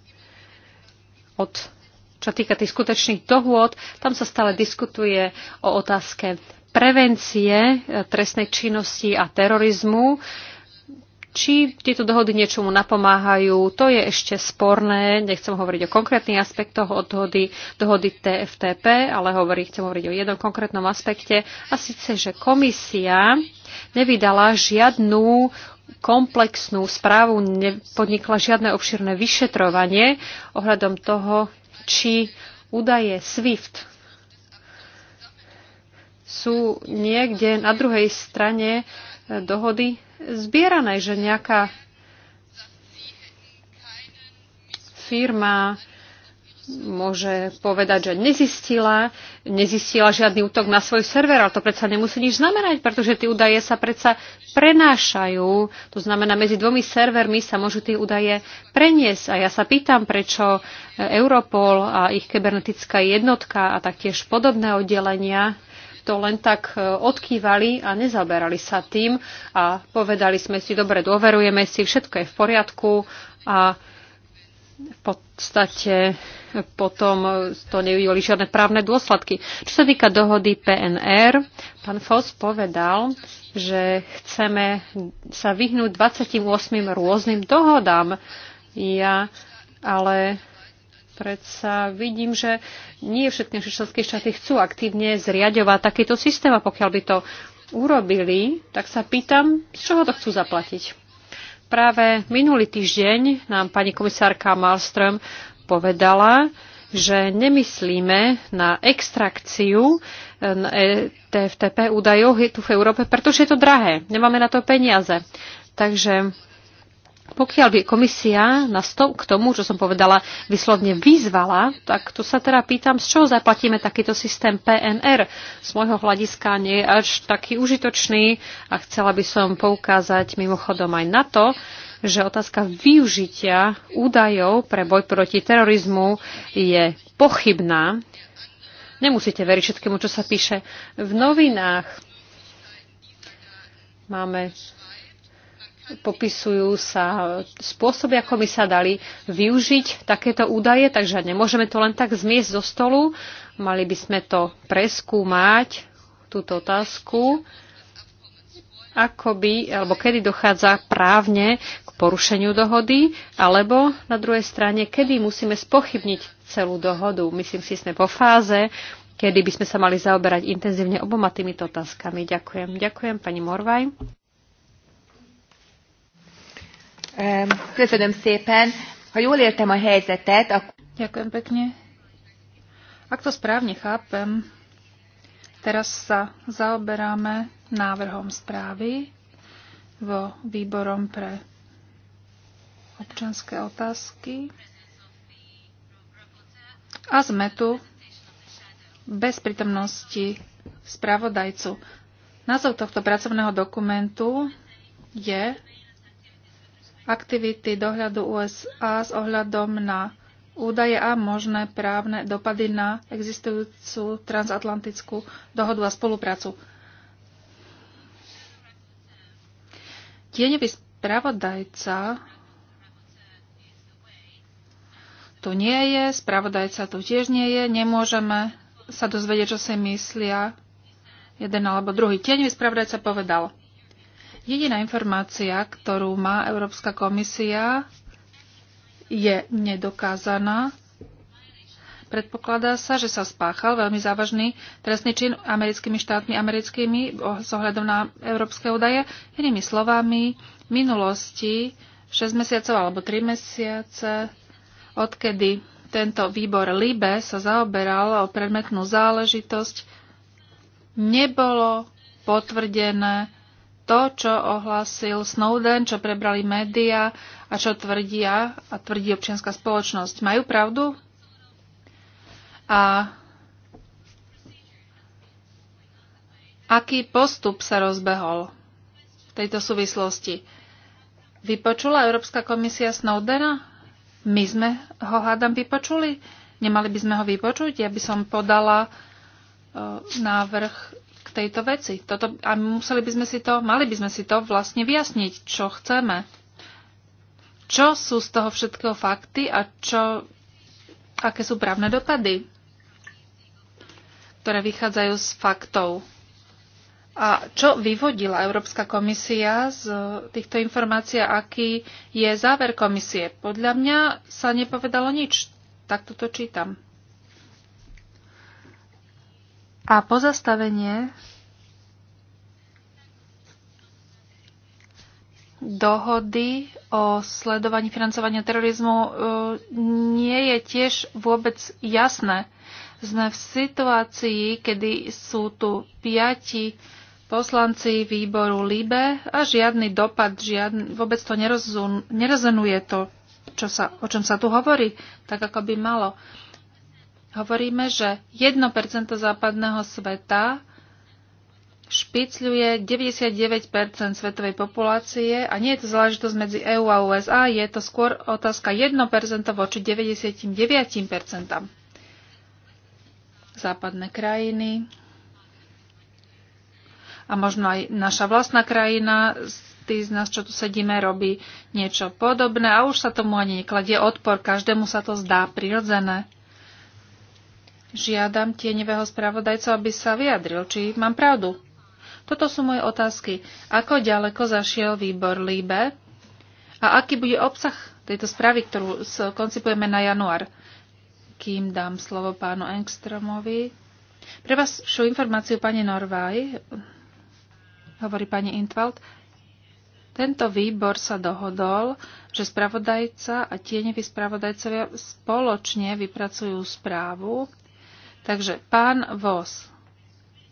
od čo týka tých skutočných dohôd, tam sa stále diskutuje o otázke prevencie e, trestnej činnosti a terorizmu. Či tieto dohody niečomu napomáhajú, to je ešte sporné. Nechcem hovoriť o konkrétnych aspektoch od dohody, dohody TFTP, ale hovorí, chcem hovoriť o jednom konkrétnom aspekte. A síce, že komisia nevydala žiadnu komplexnú správu, nepodnikla žiadne obširné vyšetrovanie ohľadom toho, či údaje SWIFT sú niekde na druhej strane e, dohody zbierané, že nejaká firma môže povedať, že nezistila, nezistila žiadny útok na svoj server, ale to predsa nemusí nič znamenať, pretože tie údaje sa predsa prenášajú. To znamená, medzi dvomi servermi sa môžu tie údaje preniesť. A ja sa pýtam, prečo e, Europol a ich kybernetická jednotka a taktiež podobné oddelenia to len tak e, odkývali a nezaberali sa tým a povedali sme si, dobre, dôverujeme si, všetko je v poriadku a v podstate potom to nevideli žiadne právne dôsledky. Čo sa týka dohody PNR, pán Foss povedal, že chceme sa vyhnúť 28 rôznym dohodám. Ja ale predsa vidím, že nie všetky naše členské štáty chcú aktívne zriadovať takýto systém a pokiaľ by to urobili, tak sa pýtam, z čoho to chcú zaplatiť. Práve minulý týždeň nám pani komisárka Malström povedala, že nemyslíme na extrakciu eh, e TFTP údajov tu v Európe, pretože je to drahé. Nemáme na to peniaze. Takže pokiaľ by komisia na stov, k tomu, čo som povedala, vyslovne vyzvala, tak tu sa teda pýtam, z čoho zaplatíme takýto systém PNR. Z môjho hľadiska nie je až taký užitočný a chcela by som poukázať mimochodom aj na to, že otázka využitia údajov pre boj proti terorizmu je pochybná. Nemusíte veriť všetkému, čo sa píše v novinách. Máme popisujú sa spôsoby, ako by sa dali využiť takéto údaje, takže nemôžeme to len tak zmiesť zo stolu. Mali by sme to preskúmať, túto otázku, ako by, alebo kedy dochádza právne k porušeniu dohody, alebo na druhej strane, kedy musíme spochybniť celú dohodu. Myslím si, sme po fáze, kedy by sme sa mali zaoberať intenzívne oboma týmito otázkami. Ďakujem. Ďakujem, pani Morvaj. Ha jól értem a helyzetet, akkor... Ďakujem pekne. Ak to správne chápem, teraz sa zaoberáme návrhom správy vo výborom pre občanské otázky. A sme tu bez prítomnosti správodajcu. Názov tohto pracovného dokumentu je aktivity dohľadu USA s ohľadom na údaje a možné právne dopady na existujúcu transatlantickú dohodu a spoluprácu. Tieňový spravodajca tu nie je, spravodajca tu tiež nie je, nemôžeme sa dozvedieť, čo si myslia jeden alebo druhý. Tieňový spravodajca povedal, Jediná informácia, ktorú má Európska komisia, je nedokázaná. Predpokladá sa, že sa spáchal veľmi závažný trestný čin americkými štátmi americkými s ohľadom na európske údaje. Inými slovami, v minulosti 6 mesiacov alebo 3 mesiace, odkedy tento výbor LIBE sa zaoberal o predmetnú záležitosť, nebolo potvrdené to, čo ohlásil Snowden, čo prebrali médiá a čo tvrdia a tvrdí občianská spoločnosť. Majú pravdu? A aký postup sa rozbehol v tejto súvislosti? Vypočula Európska komisia Snowdena? My sme ho, hádam, vypočuli? Nemali by sme ho vypočuť? Ja by som podala e, návrh tejto veci. Toto, a museli by sme si to, mali by sme si to vlastne vyjasniť, čo chceme. Čo sú z toho všetkého fakty a čo, aké sú právne dopady, ktoré vychádzajú z faktov. A čo vyvodila Európska komisia z týchto informácií, aký je záver komisie? Podľa mňa sa nepovedalo nič. tak toto čítam a pozastavenie dohody o sledovaní financovania terorizmu e, nie je tiež vôbec jasné. Sme v situácii, kedy sú tu piati poslanci výboru LIBE a žiadny dopad, žiadny, vôbec to nerozum, nerezonuje to, čo sa, o čom sa tu hovorí, tak ako by malo hovoríme, že 1% západného sveta špicľuje 99% svetovej populácie a nie je to záležitosť medzi EÚ a USA, je to skôr otázka 1% voči 99%. Západné krajiny a možno aj naša vlastná krajina, tí z nás, čo tu sedíme, robí niečo podobné a už sa tomu ani nekladie odpor, každému sa to zdá prirodzené. Žiadam tieňového spravodajcu, aby sa vyjadril, či mám pravdu. Toto sú moje otázky. Ako ďaleko zašiel výbor Líbe? A aký bude obsah tejto správy, ktorú koncipujeme na január? Kým dám slovo pánu Engstromovi. Pre vás vašu informáciu, pani Norvaj, hovorí pani Intvald, tento výbor sa dohodol, že spravodajca a tieňoví spravodajcovia spoločne vypracujú správu Takže pán Vos,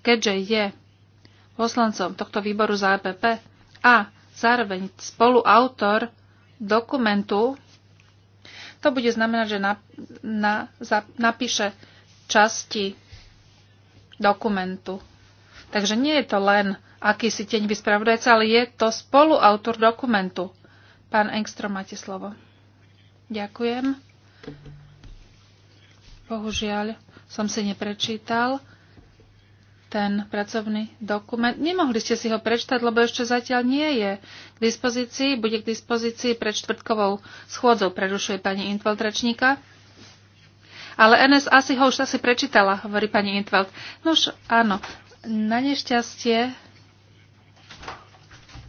keďže je poslancom tohto výboru za EPP a zároveň spoluautor dokumentu, to bude znamenať, že na, na, za, napíše časti dokumentu. Takže nie je to len akýsi teň vyspravodajca, ale je to spoluautor dokumentu. Pán Engstrom, máte slovo. Ďakujem. Bohužiaľ som si neprečítal ten pracovný dokument. Nemohli ste si ho prečítať, lebo ešte zatiaľ nie je k dispozícii. Bude k dispozícii pred štvrtkovou schôdzou, prerušuje pani Intveltračníka. Ale NS asi ho už asi prečítala, hovorí pani Intveld. už áno, na nešťastie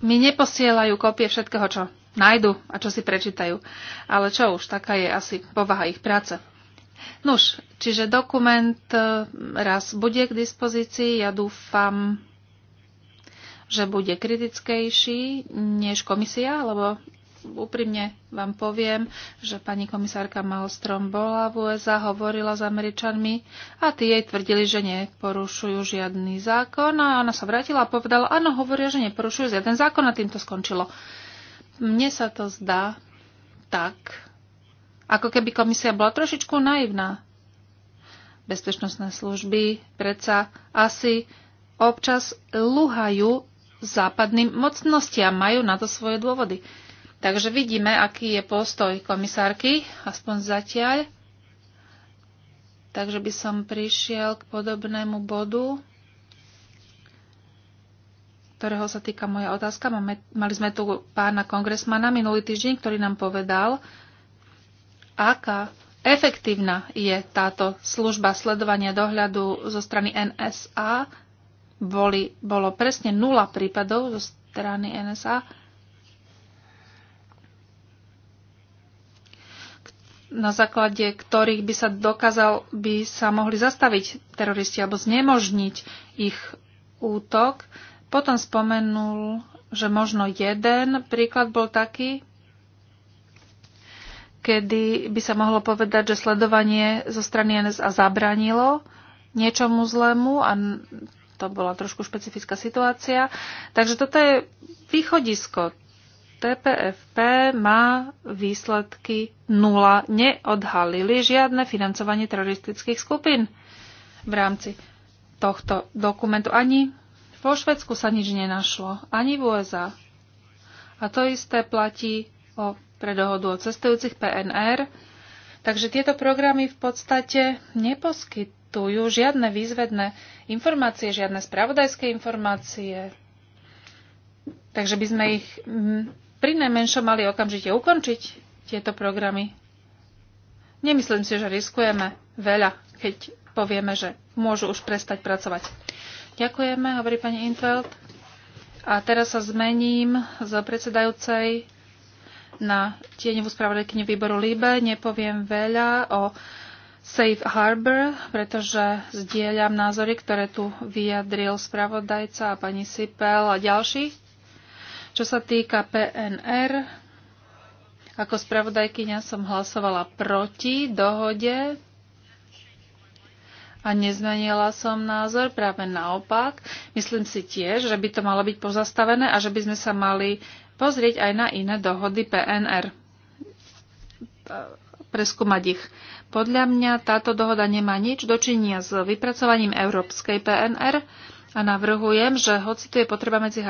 mi neposielajú kopie všetkého, čo nájdu a čo si prečítajú. Ale čo už, taká je asi povaha ich práce. Nuž, čiže dokument e, raz bude k dispozícii. Ja dúfam, že bude kritickejší než komisia, lebo úprimne vám poviem, že pani komisárka Malstrom bola v USA, hovorila s Američanmi a tí jej tvrdili, že neporušujú žiadny zákon a ona sa vrátila a povedala, áno, hovoria, že neporušujú žiaden zákon a tým to skončilo. Mne sa to zdá tak, ako keby komisia bola trošičku naivná. Bezpečnostné služby predsa asi občas luhajú západným mocnostiam, majú na to svoje dôvody. Takže vidíme, aký je postoj komisárky, aspoň zatiaľ. Takže by som prišiel k podobnému bodu, ktorého sa týka moja otázka. mali sme tu pána kongresmana minulý týždeň, ktorý nám povedal, aká efektívna je táto služba sledovania dohľadu zo strany NSA. Boli, bolo presne nula prípadov zo strany NSA, na základe ktorých by sa dokázal, by sa mohli zastaviť teroristi alebo znemožniť ich útok. Potom spomenul, že možno jeden príklad bol taký, kedy by sa mohlo povedať, že sledovanie zo strany NSA zabránilo niečomu zlému a to bola trošku špecifická situácia. Takže toto je východisko. TPFP má výsledky nula. Neodhalili žiadne financovanie teroristických skupín v rámci tohto dokumentu. Ani vo Švedsku sa nič nenašlo, ani v USA. A to isté platí o pre dohodu o cestujúcich PNR. Takže tieto programy v podstate neposkytujú žiadne výzvedné informácie, žiadne spravodajské informácie. Takže by sme ich pri najmenšom mali okamžite ukončiť, tieto programy. Nemyslím si, že riskujeme veľa, keď povieme, že môžu už prestať pracovať. Ďakujeme, hovorí pani Intveld. A teraz sa zmením z predsedajúcej na tieňovú spravodajkyni výboru Líbe. Nepoviem veľa o Safe Harbor, pretože zdieľam názory, ktoré tu vyjadril spravodajca a pani Sipel a ďalší. Čo sa týka PNR, ako spravodajkyňa som hlasovala proti dohode a nezmenila som názor, práve naopak. Myslím si tiež, že by to malo byť pozastavené a že by sme sa mali pozrieť aj na iné dohody PNR. Preskúmať ich. Podľa mňa táto dohoda nemá nič dočinia s vypracovaním európskej PNR a navrhujem, že hoci tu je potreba medzi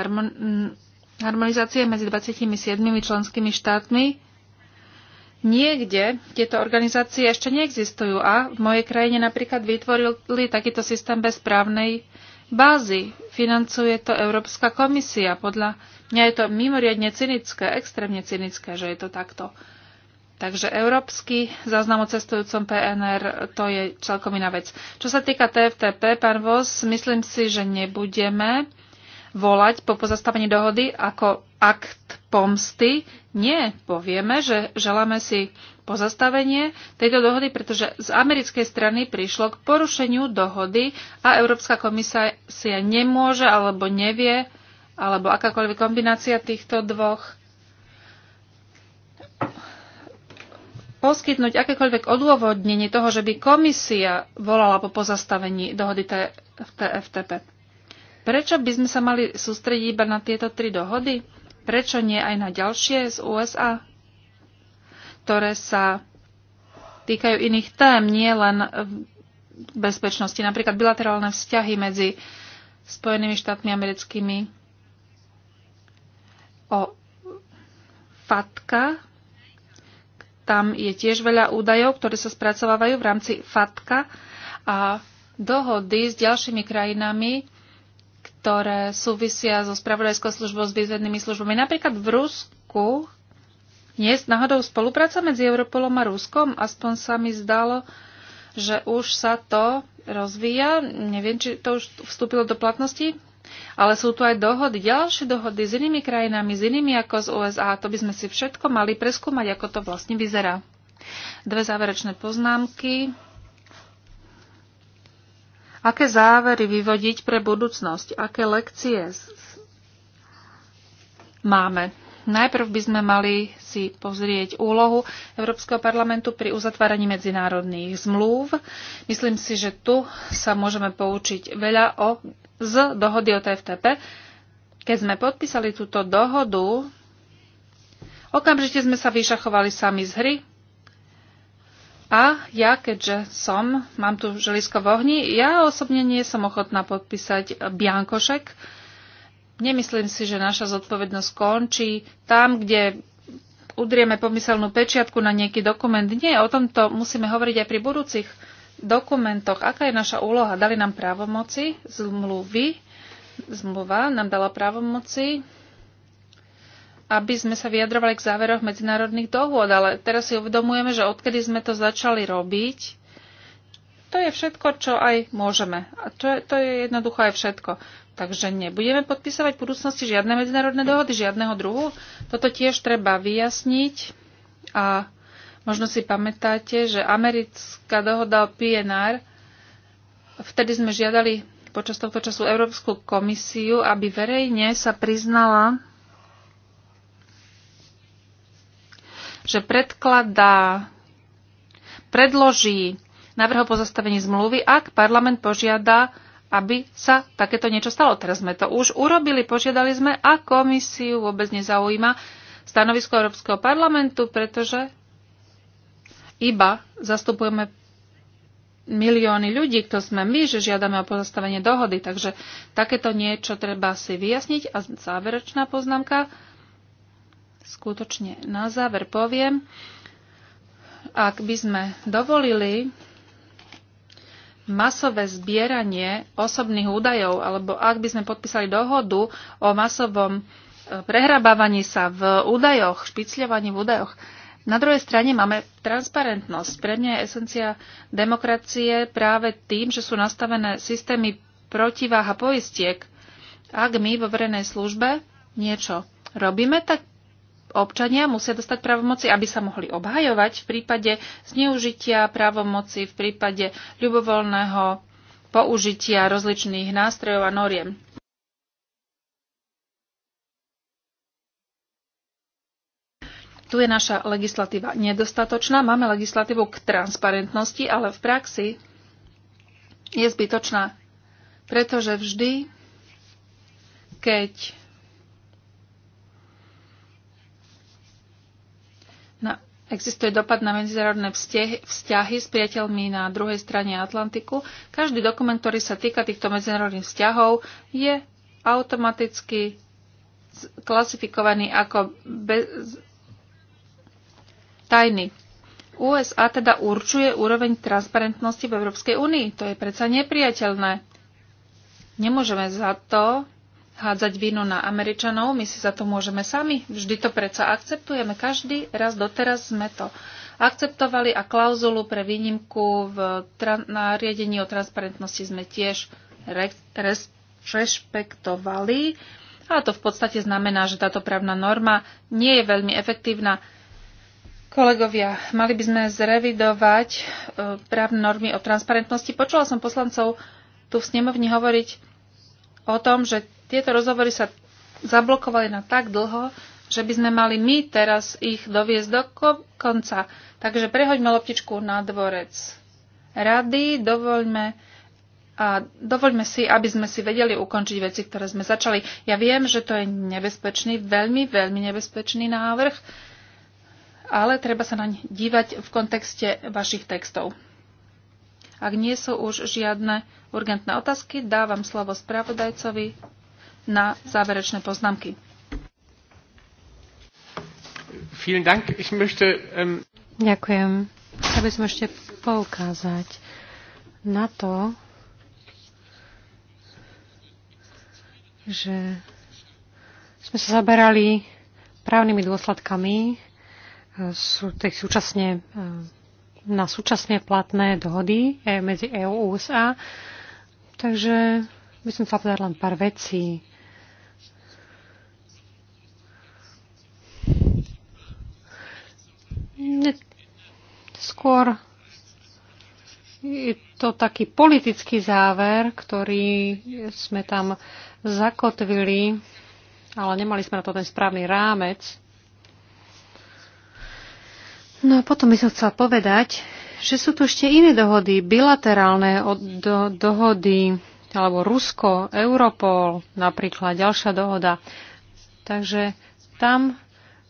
harmonizácie medzi 27 členskými štátmi, Niekde tieto organizácie ešte neexistujú a v mojej krajine napríklad vytvorili takýto systém bez právnej bázy. Financuje to Európska komisia. Podľa Mňa je to mimoriadne cynické, extrémne cynické, že je to takto. Takže európsky záznam o cestujúcom PNR, to je celkom iná vec. Čo sa týka TFTP, pán Vos, myslím si, že nebudeme volať po pozastavení dohody ako akt pomsty. Nie, povieme, že želáme si pozastavenie tejto dohody, pretože z americkej strany prišlo k porušeniu dohody a Európska komisia nemôže alebo nevie alebo akákoľvek kombinácia týchto dvoch, poskytnúť akékoľvek odôvodnenie toho, že by komisia volala po pozastavení dohody TFTP. Prečo by sme sa mali sústrediť iba na tieto tri dohody? Prečo nie aj na ďalšie z USA, ktoré sa týkajú iných tém, nie len bezpečnosti, napríklad bilaterálne vzťahy medzi Spojenými štátmi americkými o FATKA. Tam je tiež veľa údajov, ktoré sa spracovávajú v rámci FATKA a dohody s ďalšími krajinami, ktoré súvisia so spravodajskou službou, s výzvednými službami. Napríklad v Rusku nie je náhodou spolupráca medzi Europolom a Ruskom, aspoň sa mi zdalo, že už sa to rozvíja. Neviem, či to už vstúpilo do platnosti. Ale sú tu aj dohody, ďalšie dohody s inými krajinami, s inými ako z USA. To by sme si všetko mali preskúmať, ako to vlastne vyzerá. Dve záverečné poznámky. Aké závery vyvodiť pre budúcnosť? Aké lekcie máme? Najprv by sme mali si pozrieť úlohu Európskeho parlamentu pri uzatváraní medzinárodných zmluv. Myslím si, že tu sa môžeme poučiť veľa o z dohody o TFTP. Keď sme podpísali túto dohodu, okamžite sme sa vyšachovali sami z hry. A ja, keďže som, mám tu želisko v ohni, ja osobne nie som ochotná podpísať biankošek. Nemyslím si, že naša zodpovednosť končí tam, kde udrieme pomyselnú pečiatku na nejaký dokument. Nie, o tomto musíme hovoriť aj pri budúcich dokumentoch, aká je naša úloha. Dali nám právomoci, zmluvy, zmluva nám dala právomoci, aby sme sa vyjadrovali k záveroch medzinárodných dohôd, ale teraz si uvedomujeme, že odkedy sme to začali robiť, to je všetko, čo aj môžeme. A to, je, to je jednoducho aj všetko. Takže nebudeme podpisovať v budúcnosti žiadne medzinárodné dohody, žiadneho druhu. Toto tiež treba vyjasniť a Možno si pamätáte, že americká dohoda o PNR, vtedy sme žiadali počas tohto času Európsku komisiu, aby verejne sa priznala, že predkladá, predloží návrh o pozastavení zmluvy, ak parlament požiada, aby sa takéto niečo stalo. Teraz sme to už urobili, požiadali sme a komisiu vôbec nezaujíma stanovisko Európskeho parlamentu, pretože iba zastupujeme milióny ľudí, kto sme my, že žiadame o pozastavenie dohody. Takže takéto niečo treba si vyjasniť. A záverečná poznámka. Skutočne na záver poviem, ak by sme dovolili masové zbieranie osobných údajov, alebo ak by sme podpísali dohodu o masovom eh, prehrabávaní sa v údajoch, špicľovaní v údajoch, na druhej strane máme transparentnosť. Pre mňa je esencia demokracie práve tým, že sú nastavené systémy protiváha poistiek. Ak my vo verejnej službe niečo robíme, tak občania musia dostať právomoci, aby sa mohli obhajovať v prípade zneužitia právomoci, v prípade ľubovoľného použitia rozličných nástrojov a noriem. Tu je naša legislatíva nedostatočná. Máme legislatívu k transparentnosti, ale v praxi je zbytočná, pretože vždy, keď na, existuje dopad na medzinárodné vzťahy, vzťahy s priateľmi na druhej strane Atlantiku, každý dokument, ktorý sa týka týchto medzinárodných vzťahov, je automaticky klasifikovaný ako bez, tajný. USA teda určuje úroveň transparentnosti v Európskej únii. To je predsa nepriateľné. Nemôžeme za to hádzať vinu na Američanov, my si za to môžeme sami. Vždy to predsa akceptujeme. Každý raz doteraz sme to akceptovali a klauzulu pre výnimku v nariadení o transparentnosti sme tiež rešpektovali. A to v podstate znamená, že táto právna norma nie je veľmi efektívna. Kolegovia, mali by sme zrevidovať e, právne normy o transparentnosti. Počula som poslancov tu v snemovni hovoriť o tom, že tieto rozhovory sa zablokovali na tak dlho, že by sme mali my teraz ich doviesť do konca. Takže prehoďme loptičku na dvorec rady, dovoľme a dovoľme si, aby sme si vedeli ukončiť veci, ktoré sme začali. Ja viem, že to je nebezpečný, veľmi, veľmi nebezpečný návrh ale treba sa naň dívať v kontexte vašich textov. Ak nie sú už žiadne urgentné otázky, dávam slovo spravodajcovi na záverečné poznámky. Ähm, Ďakujem. Chcel by som ešte poukázať na to, že sme sa zaberali právnymi dôsledkami sú tej súčasne, eh, na súčasne platné dohody eh, medzi EU a USA. Takže by som chcela povedať len pár vecí. Skôr je to taký politický záver, ktorý sme tam zakotvili, ale nemali sme na to ten správny rámec. No a potom by som chcela povedať, že sú tu ešte iné dohody, bilaterálne do, dohody, alebo Rusko, Europol napríklad, ďalšia dohoda. Takže tam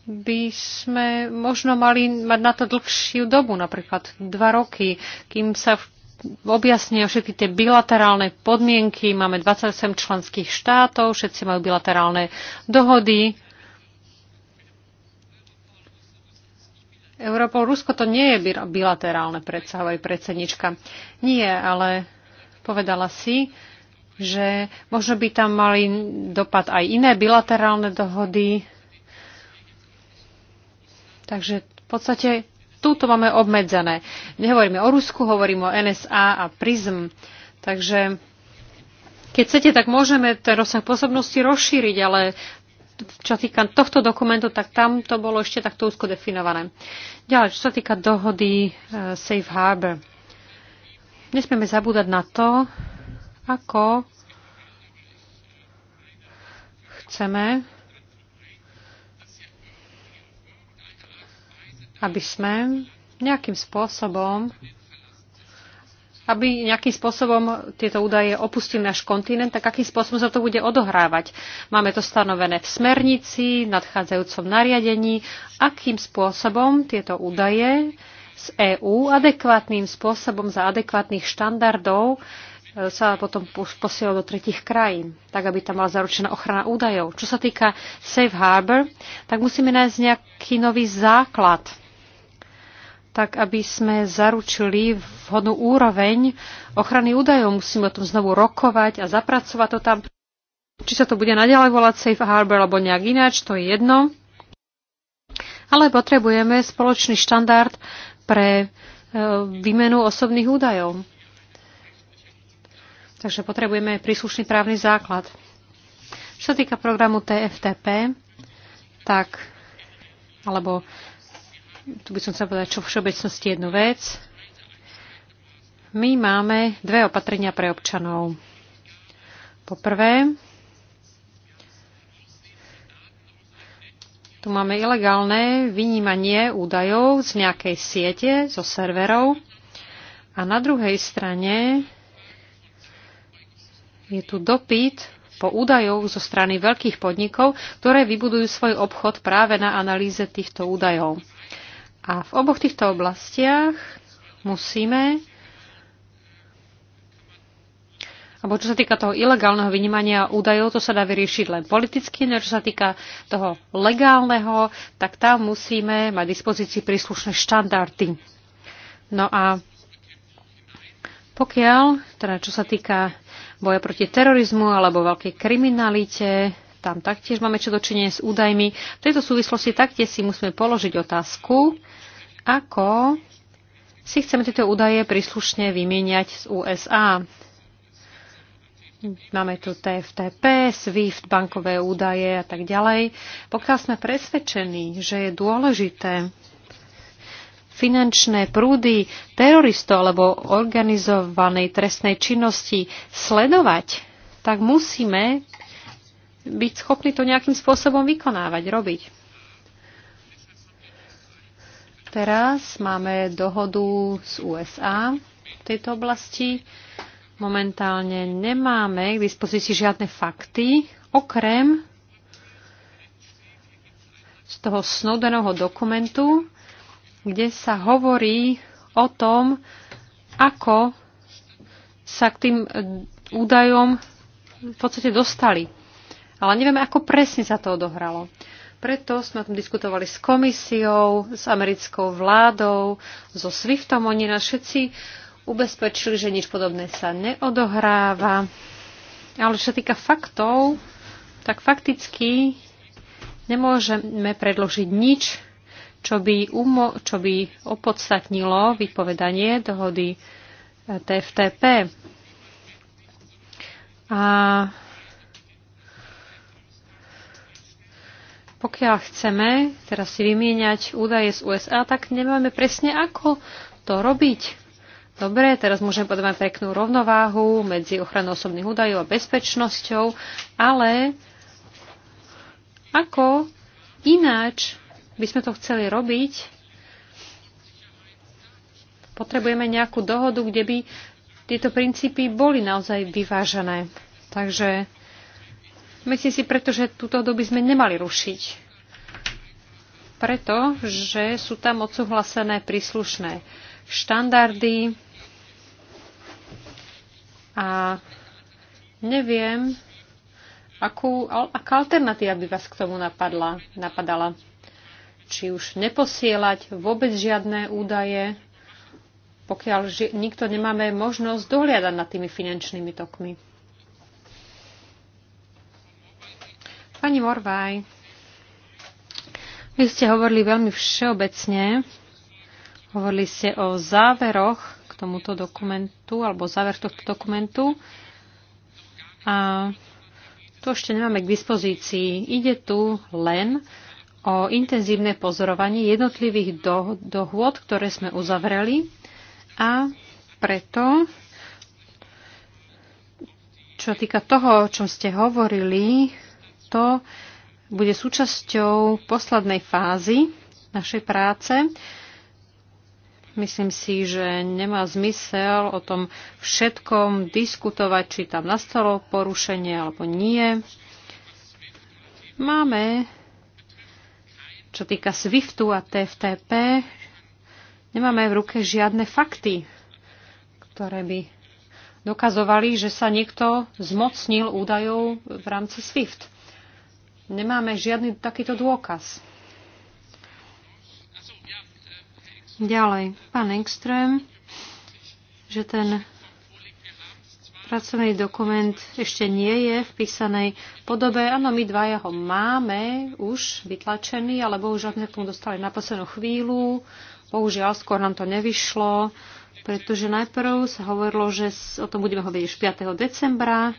by sme možno mali mať na to dlhšiu dobu, napríklad dva roky, kým sa objasnia všetky tie bilaterálne podmienky. Máme 28 členských štátov, všetci majú bilaterálne dohody. Európou. Rusko to nie je bilaterálne, predsa hovorí predsednička. Nie, ale povedala si, že možno by tam mali dopad aj iné bilaterálne dohody. Takže v podstate túto máme obmedzené. Nehovoríme o Rusku, hovoríme o NSA a PRISM. Takže keď chcete, tak môžeme ten rozsah pôsobnosti rozšíriť, ale čo týka tohto dokumentu, tak tam to bolo ešte takto úzko definované. Ďalej, čo sa týka dohody e, Safe Harbor. Nesmieme zabúdať na to, ako chceme, aby sme nejakým spôsobom aby nejakým spôsobom tieto údaje opustili náš kontinent, tak akým spôsobom sa to bude odohrávať. Máme to stanovené v smernici, nadchádzajúcom nariadení, akým spôsobom tieto údaje z EÚ adekvátnym spôsobom za adekvátnych štandardov e, sa potom posiela do tretich krajín, tak aby tam bola zaručená ochrana údajov. Čo sa týka Safe Harbor, tak musíme nájsť nejaký nový základ tak aby sme zaručili vhodnú úroveň ochrany údajov. Musíme o tom znovu rokovať a zapracovať to tam. Či sa to bude naďalej volať Safe Harbor alebo nejak ináč, to je jedno. Ale potrebujeme spoločný štandard pre e, výmenu osobných údajov. Takže potrebujeme príslušný právny základ. Čo sa týka programu TFTP, tak, alebo tu by som sa povedať, čo v všeobecnosti jednu vec. My máme dve opatrenia pre občanov. Poprvé, tu máme ilegálne vynímanie údajov z nejakej siete, zo serverov. A na druhej strane je tu dopyt po údajov zo strany veľkých podnikov, ktoré vybudujú svoj obchod práve na analýze týchto údajov. A v oboch týchto oblastiach musíme alebo čo sa týka toho ilegálneho vynímania údajov, to sa dá vyriešiť len politicky, no čo sa týka toho legálneho, tak tam musíme mať dispozícii príslušné štandardy. No a pokiaľ, teda čo sa týka boja proti terorizmu alebo veľkej kriminalite, tam taktiež máme čo dočinenie s údajmi. V tejto súvislosti taktiež si musíme položiť otázku, ako si chceme tieto údaje príslušne vymieňať z USA. Máme tu TFTP, SWIFT, bankové údaje a tak ďalej. Pokiaľ sme presvedčení, že je dôležité finančné prúdy teroristov alebo organizovanej trestnej činnosti sledovať, tak musíme byť schopní to nejakým spôsobom vykonávať, robiť. Teraz máme dohodu z USA v tejto oblasti. Momentálne nemáme k dispozícii žiadne fakty, okrem z toho Snowdenovho dokumentu, kde sa hovorí o tom, ako sa k tým eh, údajom v podstate dostali ale nevieme, ako presne sa to odohralo. Preto sme o tom diskutovali s komisiou, s americkou vládou, so SWIFTom. Oni nás všetci ubezpečili, že nič podobné sa neodohráva. Ale čo sa týka faktov, tak fakticky nemôžeme predložiť nič, čo by, umo- čo by opodstatnilo vypovedanie dohody TFTP. A Pokiaľ chceme teraz si vymieňať údaje z USA, tak nemáme presne ako to robiť. Dobre, teraz môžem podávať peknú rovnováhu medzi ochranou osobných údajov a bezpečnosťou, ale ako ináč by sme to chceli robiť? Potrebujeme nejakú dohodu, kde by tieto princípy boli naozaj vyvážené. Takže Myslím si, pretože túto doby sme nemali rušiť. Preto, že sú tam odsúhlasené príslušné štandardy a neviem, akú, aká alternatíva by vás k tomu napadla, napadala. Či už neposielať vôbec žiadne údaje, pokiaľ ži- nikto nemáme možnosť dohliadať nad tými finančnými tokmi. Pani Morvaj, vy ste hovorili veľmi všeobecne. Hovorili ste o záveroch k tomuto dokumentu, alebo záver tohto dokumentu. A to ešte nemáme k dispozícii. Ide tu len o intenzívne pozorovanie jednotlivých do, dohôd, ktoré sme uzavreli. A preto, čo týka toho, o čom ste hovorili, to bude súčasťou poslednej fázy našej práce. Myslím si, že nemá zmysel o tom všetkom diskutovať, či tam nastalo porušenie alebo nie. Máme, čo týka SWIFTu a TFTP, nemáme v ruke žiadne fakty, ktoré by dokazovali, že sa niekto zmocnil údajov v rámci SWIFT nemáme žiadny takýto dôkaz. Ďalej, pán Engström, že ten pracovný dokument ešte nie je v písanej podobe. Áno, my dvaja ho máme už vytlačený, ale bohužiaľ sme k tomu dostali na poslednú chvíľu. Bohužiaľ, skôr nám to nevyšlo, pretože najprv sa hovorilo, že o tom budeme hovoriť už 5. decembra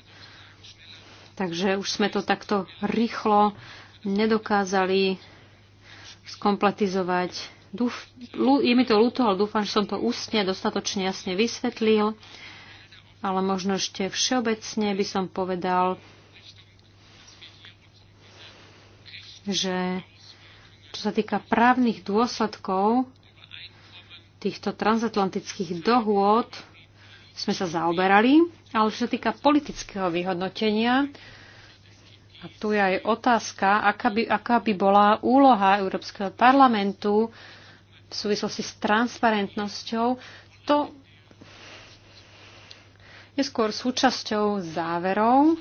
Takže už sme to takto rýchlo nedokázali skompletizovať. Dúf, lú, je mi to ľúto, ale dúfam, že som to ústne dostatočne jasne vysvetlil. Ale možno ešte všeobecne by som povedal, že čo sa týka právnych dôsledkov týchto transatlantických dohôd, sme sa zaoberali, ale čo sa týka politického vyhodnotenia, a tu je aj otázka, aká by, aká by bola úloha Európskeho parlamentu v súvislosti s transparentnosťou, to je skôr súčasťou záverov,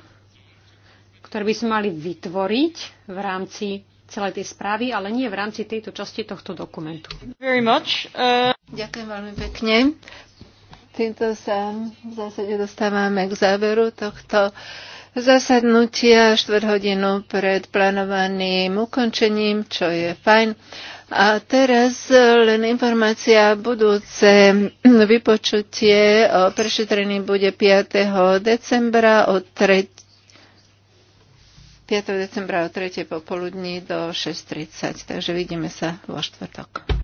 ktoré by sme mali vytvoriť v rámci celej tej správy, ale nie v rámci tejto časti tohto dokumentu. Very much. Uh... Ďakujem veľmi pekne. Týmto sa v zásade dostávame k záveru tohto zasadnutia štvrť hodinu pred plánovaným ukončením, čo je fajn. A teraz len informácia budúce vypočutie o prešetrení bude 5. decembra od 3. 5. decembra o 3. popoludní do 6.30. Takže vidíme sa vo štvrtok.